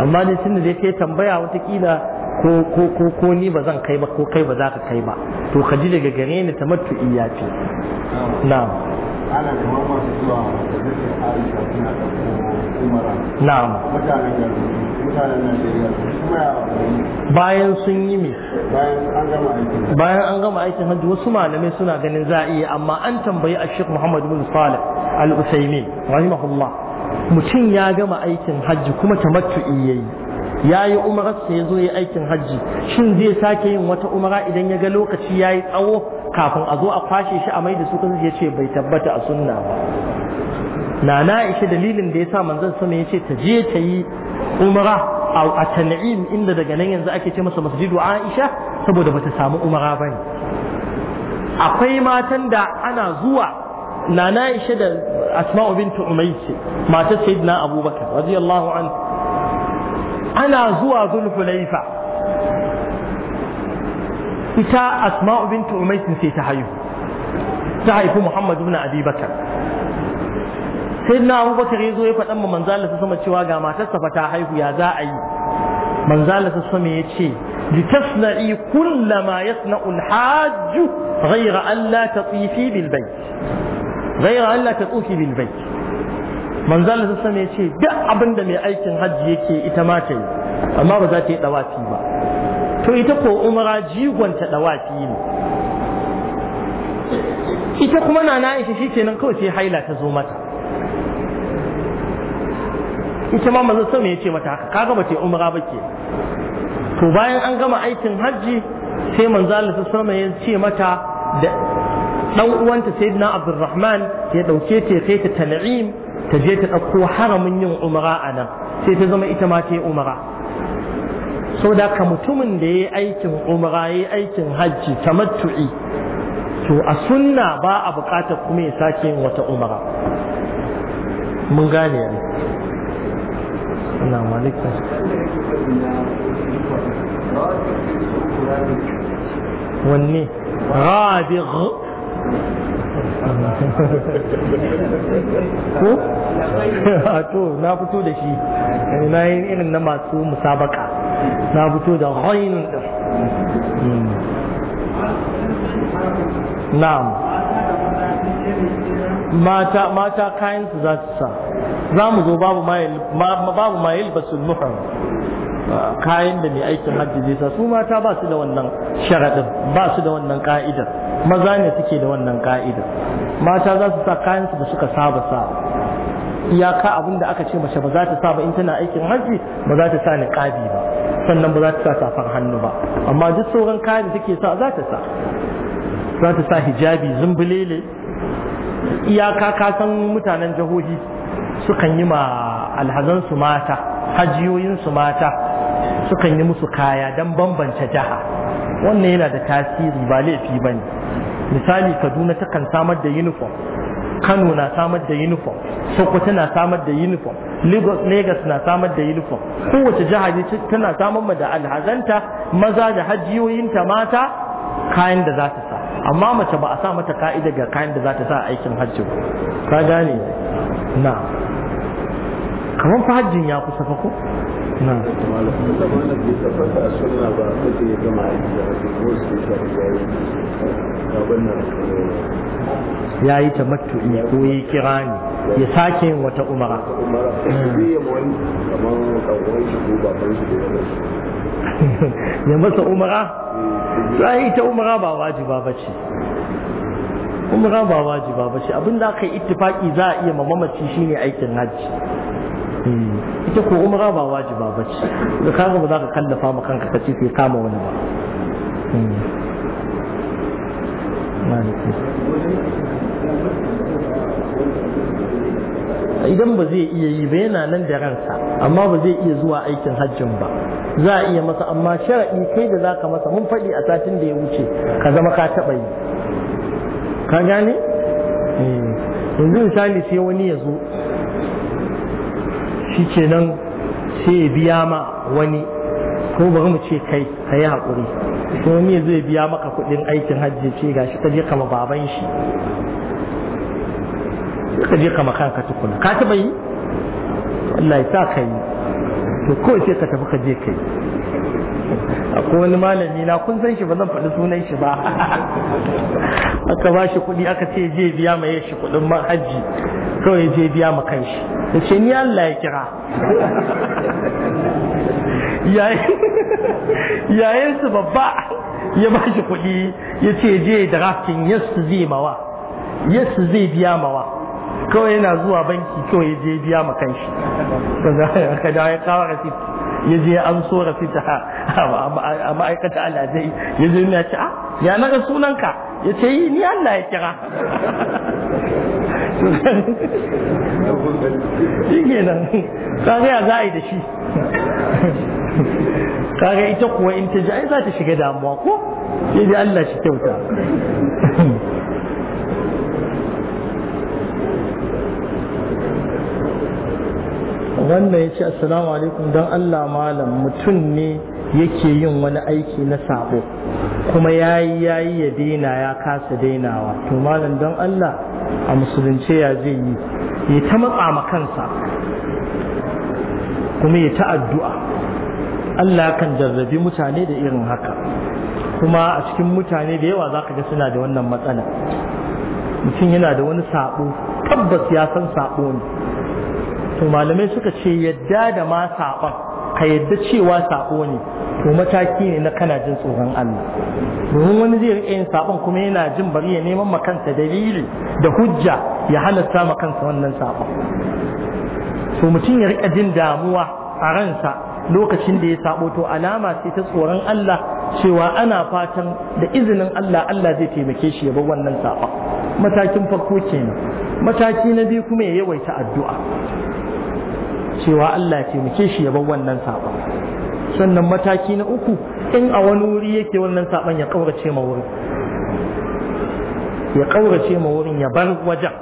amma ne tun da zai kai tambaya watakila ko ko ko ni ba zan kai ba ko kai ba za ka kai ba to ka ji daga gare ni ta matu iya ce na'am ana kamar masu zuwa da zai aisha da umara na'am mutanen bayan sun yi me bayan an gama aikin hajji wasu malamai suna ganin za a iya amma an tambayi a shek muhammad bin salih al usaini rahimahullah mutum ya gama aikin hajji kuma tamattu'i yayi ya yi umarar ya zo ya aikin hajji shin zai sake yin wata umara idan ya ga lokaci ya yi tsawo kafin a zo a kwashe shi a mai da su kan ya ce bai tabbata a sunna ba na na ishe dalilin da ya sa manzon sama ya ce ta je ta yi umara a tan'im inda daga nan yanzu ake ce masa masjidu aisha saboda bata samu umara bane akwai matan da ana zuwa nana aisha da asma'u bintu umaysi matar sayyidina abubakar radiyallahu anhu ana zuwa zulhulaifa ita asma'u bintu umaysi sai ta haihu ta haifi muhammad ibn abi bakar sai na abubakar ya zo ya faɗan ma manzala ta sama cewa ga matarsa fa ta haihu ya za a yi manzala ta sama ya ce litasna'i kulla ma yasna'u al-hajj ghayra an la tatifi bil bayt ghayra an la tatufi bil bayt manzala ta sama ya ce duk abinda mai aikin hajji yake ita ma ta yi amma ba za ta yi dawafi ba to ita ko umara jigonta dawafi ne ita kuma na na shi kenan kawai sai haila ta zo mata ita ma manzon sama ya ce mata haka kaga bace umara ba ke to bayan an gama aikin hajji sai manzo Allah sama ya ce mata da ɗan uwanta sayyidina Abdulrahman ya ɗauke ta kai ta Tana'im ta je ta ɗauko haramin yin umara a nan sai ta zama ita ma ta yi umra so da ka mutumin da ya yi aikin umara ya yi aikin hajji tamattu'i to a sunna ba a bukatar kuma ya sake yin wata umara mun gane yanzu السلام عليكم والني غادغ ko? to na fito da shi na yi irin na masu musabaka na fito da hoyin na'am mata mata kayan su za su sa za mu zo babu mayil babu mayil nufa ah, kayan da mai aikin hajji zai sa su mata ba su da wannan sharadin ba su da wannan ka'idar maza ne suke da wannan ka'idar mata za su sa kayan su da suka saba sa iyaka abin da aka ce mace ba za ta sa ba in tana aikin hajji ba za ta sa ni kabi ba sannan ba za ta sa safar hannu ba amma duk sauran kayan da take sa za ta sa za ta sa hijabi zumbulele iyaka ka san mutanen jihohi sukan yi ma alhazansu mata hajiyoyinsu mata sukan yi musu kaya don bambance jiha wannan yana da tasiri ba laifi ba ne misali kaduna takan samar da uniform kano na samar da uniform sokoto na samar da uniform lagos na samar da uniform kowace jiha tana samar da alhazanta maza da hajiyoyinta mata kayan da za ta amma mace ba a sa mata ka'ida ga kayan da za ta sa aikin hajji ba ka gane na kamar fa hajjin ya kusa fa ko na ya yi ta matu ko yi kira ne ya sake yin wata umara ya masa umara zai ita umra ba wajiba bace umra ba wajiba bace abin da aka yi ittifaki za a iya mamamaci shine aikin hajji hmm. ita ko umra ba wajiba bace da kaga ba za ka kallafa ma kanka kace sai kama wani ba hmm. idan ba zai iya yi ba yana nan da ransa amma ba zai iya zuwa aikin hajjin ba za a iya masa amma shara'i kai da zaka masa mun faɗi a satin da ya wuce ka zama ka taɓa yi ka gane eh, yanzu misali sai wani ya zo shi ke nan sai ya biya ma wani ko bari mu ce kai ka yi haƙuri ko wani ya biya maka kuɗin aikin hajji ce shi ka je kama baban shi ka je ka makanka tukuna ka taba yi Allah ya sa ka yi to ko sai ka tafi ka je ka yi akwai wani malami na kun san shi ba zan faɗi sunan shi ba aka ba shi kuɗi aka ce je biya ma ya shi kuɗin man hajji kawai je biya ma kan shi ya ce ni Allah ya kira yayin su babba ya ba shi kuɗi ya ce je rafin yes zai mawa yes zai biya mawa kawai yana zuwa banki kawai ya je biya ma kanshi ka da ya kawo rasit ya je an so rasit a ma'aikata aladai ya je ya ce a ah, ya na ga sunanka ya ce yi eh, ni Allah ya kira shi kenan kaga ya za a yi da shi kaga ita kuwa in ta ji ai za ta shiga damuwa ko ya Allah shi kyauta wannan ya ce assalamu alaikum don Allah malam mutum ne yake yin wani aiki na sabo kuma ya yi ya yi ya daina ya kasa dainawa to malam don Allah a musulunce ya zai yi ya ta matsa ma kansa kuma ya ta addu'a Allah kan jarrabi mutane da irin haka kuma a cikin mutane da yawa za ka ga suna da wannan matsala mutum yana da wani sabo tabbas ya san sabo ne to malamai suka ce yadda da ma saɓa ka yadda cewa saɓo ne to mataki ne na kana jin tsoron Allah domin wani zai riƙe yin saɓon kuma yana jin bari ya neman makansa dalili da hujja ya halatta makansa wannan saɓon to mutum ya riƙa jin damuwa a ransa lokacin da ya saɓo to alama sai ta tsoron Allah cewa ana fatan da izinin Allah Allah zai taimake shi ya bar wannan saɓon matakin farko kenan mataki na biyu kuma ya yawaita addu'a cewa Allah ya taimake shi ya bar wannan saban sannan mataki na uku in a wani wuri yake wannan saban ya kaurace ma wurin ya kaurace ma wurin ya bar wajen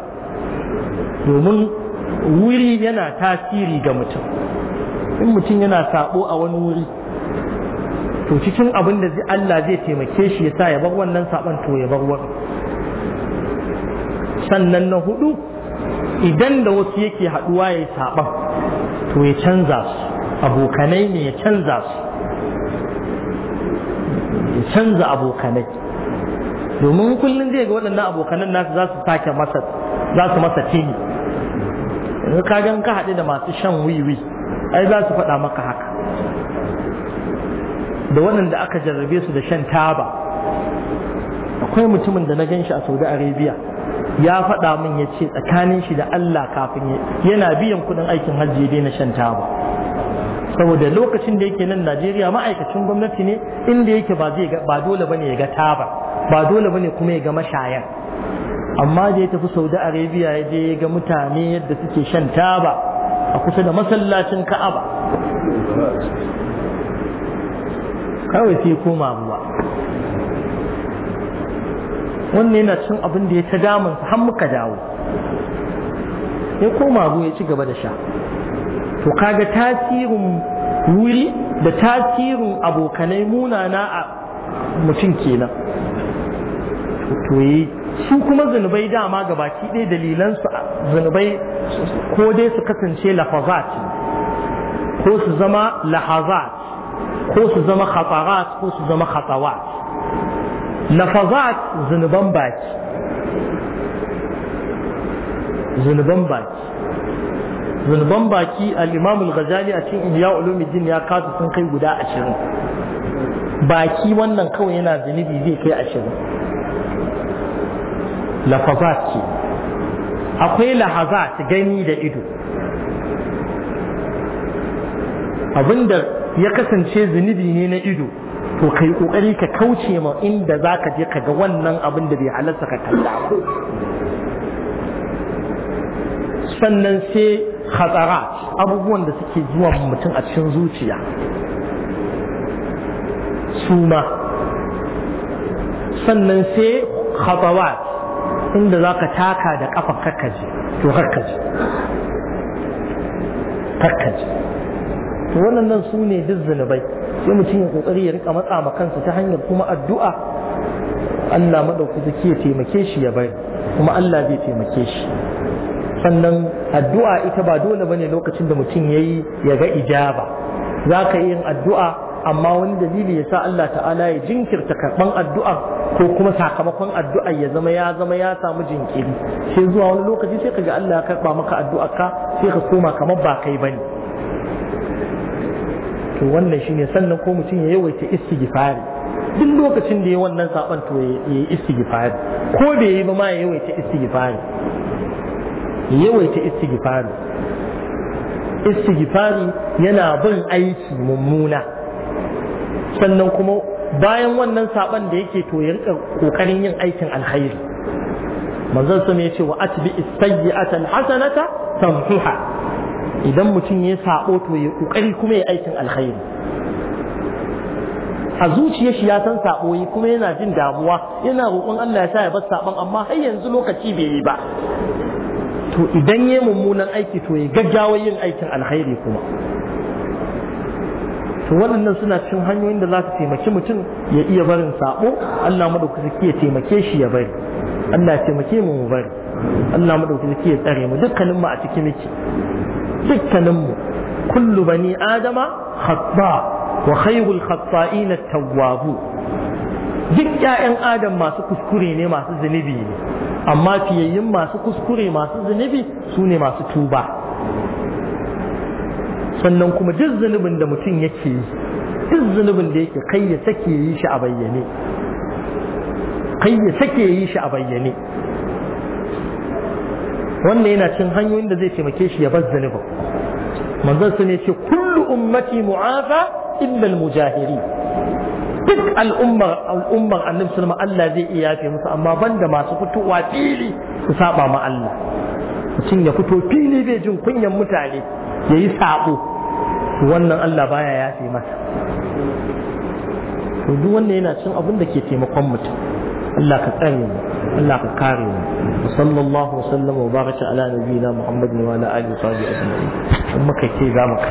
domin wuri yana tasiri ga mutum in mutum yana sabo a wani wuri to cikin abin da Allah zai taimake shi ya sa ya bar wannan saban to ya bar wurin sannan na hudu idan da wasu yake haduwa ya yi saban to ya canza su abokanai ne ya canza su ya canza abokanai domin kullum zai ga waɗannan abokanan nasu za su sake masa za su masa tini yanzu ka gan ka haɗe da masu shan wiwi ai za su faɗa maka haka da waɗanda aka jarrabe su da shan taba akwai mutumin da na gan shi a saudi arabia ya faɗa min ya ce tsakanin shi da Allah kafin yana biyan kuɗin aikin hajji daina shan taba saboda lokacin da yake nan Najeriya ma'aikacin gwamnati ne inda yake ba zai ba dole bane ya ga taba ba dole bane kuma ya ga mashayan amma da ya tafi Saudi Arabia ya je ya ga mutane yadda suke shan taba a kusa da masallacin Ka'aba kawai sai koma ruwa wannan yana cin abin da ya ta damun har muka dawo ya koma ruwa ya ci gaba da sha to kaga tasirin wuri da tasirin abokanai munana a mutum kenan to yi su kuma zunubai dama gabaki ɗaya dalilansu zunubai ko dai su kasance lafazat ko su zama lahazat ko su zama khatarat ko su zama khatawat nafazat zunuban baki zunuban baki zunuban baki al-imamul a cikin ihya ulumuddin ya kasu sun kai guda ashirin baki wannan kawai yana zunubi zai kai ashirin lafazat ce akwai lahazat gani da ido abinda ya kasance zunubi ne na ido to kai kokari ka kauce ma inda zaka je ka ga wannan abin da bai halarta ka kalla ba sannan sai hatsara abubuwan da suke zuwa mutum a cikin zuciya suma sannan sai khatawat inda za ka taka da kafa kakkaji to kakkaji kakkaji to wannan su ne duk zunubai sai mutum ya kokari ya rika matsa ma kansa ta hanyar kuma addu'a Allah zaki ya taimake shi ya bari kuma Allah zai taimake shi sannan addu'a ita ba dole bane lokacin da mutum yayi ya ga ijaba zaka ka yin addu'a amma wani dalili ya sa Allah ta'ala ya jinkirta karban addu'a ko kuma sakamakon addu'a ya zama ya zama ya samu jinkiri sai zuwa wani lokaci sai kaga Allah ya karɓa maka addu'a ka sai ka koma kamar ba kai bane to wannan shine sannan ko mutum ya yawaita istighfari duk lokacin da ya wannan saban to ya yi istighfari ko bai yi ba ma ya yawaita istighfari ya yawaita istighfari istighfari yana bin aiki mummuna sannan kuma bayan wannan saban da yake to ya kokarin yin aikin alkhairi manzon sun ya ce wa atbi as a al-hasanata tamhuha idan mutum ya sabo to ya kokari kuma ya aikin alkhairi a zuciyar shi ya san sabo yi kuma yana jin damuwa yana roƙon Allah ya sa ya bar saɓon amma har yanzu lokaci bai yi ba to idan ya mummunan aiki to ya gaggawa yin aikin alkhairi kuma to waɗannan suna cikin hanyoyin da za su taimaki mutum ya iya barin sabo Allah madaukaki ya taimake shi ya bari Allah ya taimake mu mu bari Allah madaukaki ya tsare mu dukkanin mu a cikin miki dukkaninmu kullu bani adama khata wa khairul khata'in at-tawwabu duk ƴaƴan adam masu kuskure ne masu zunubi ne amma fiyayyin masu kuskure masu zunubi su ne masu tuba sannan kuma duk zunubin da mutum yake yi duk zunubin da yake kai ya sake yi shi a bayyane kai ya sake yi shi a bayyane wannan yana cin hanyoyin da zai taimake shi ya bar zunubin manzon su ne ce kullu ummati mu'afa illa al-mujahiri duk al'ummar al'ummar annabi sallallahu Allah zai iya yafe musu amma banda masu fitowa fili su saba ma Allah mutum ya fito fili bai jin kunyan mutane ya yi sabo wannan Allah baya yafe masa to duk wannan yana cin abin da ke taimakon mutum Allah ka tsare mu Allah ka kare mu sallallahu alaihi wa wa baraka ala nabiyina Muhammadin wa ala alihi wa sahbihi ajma'in in muka ce za mu kai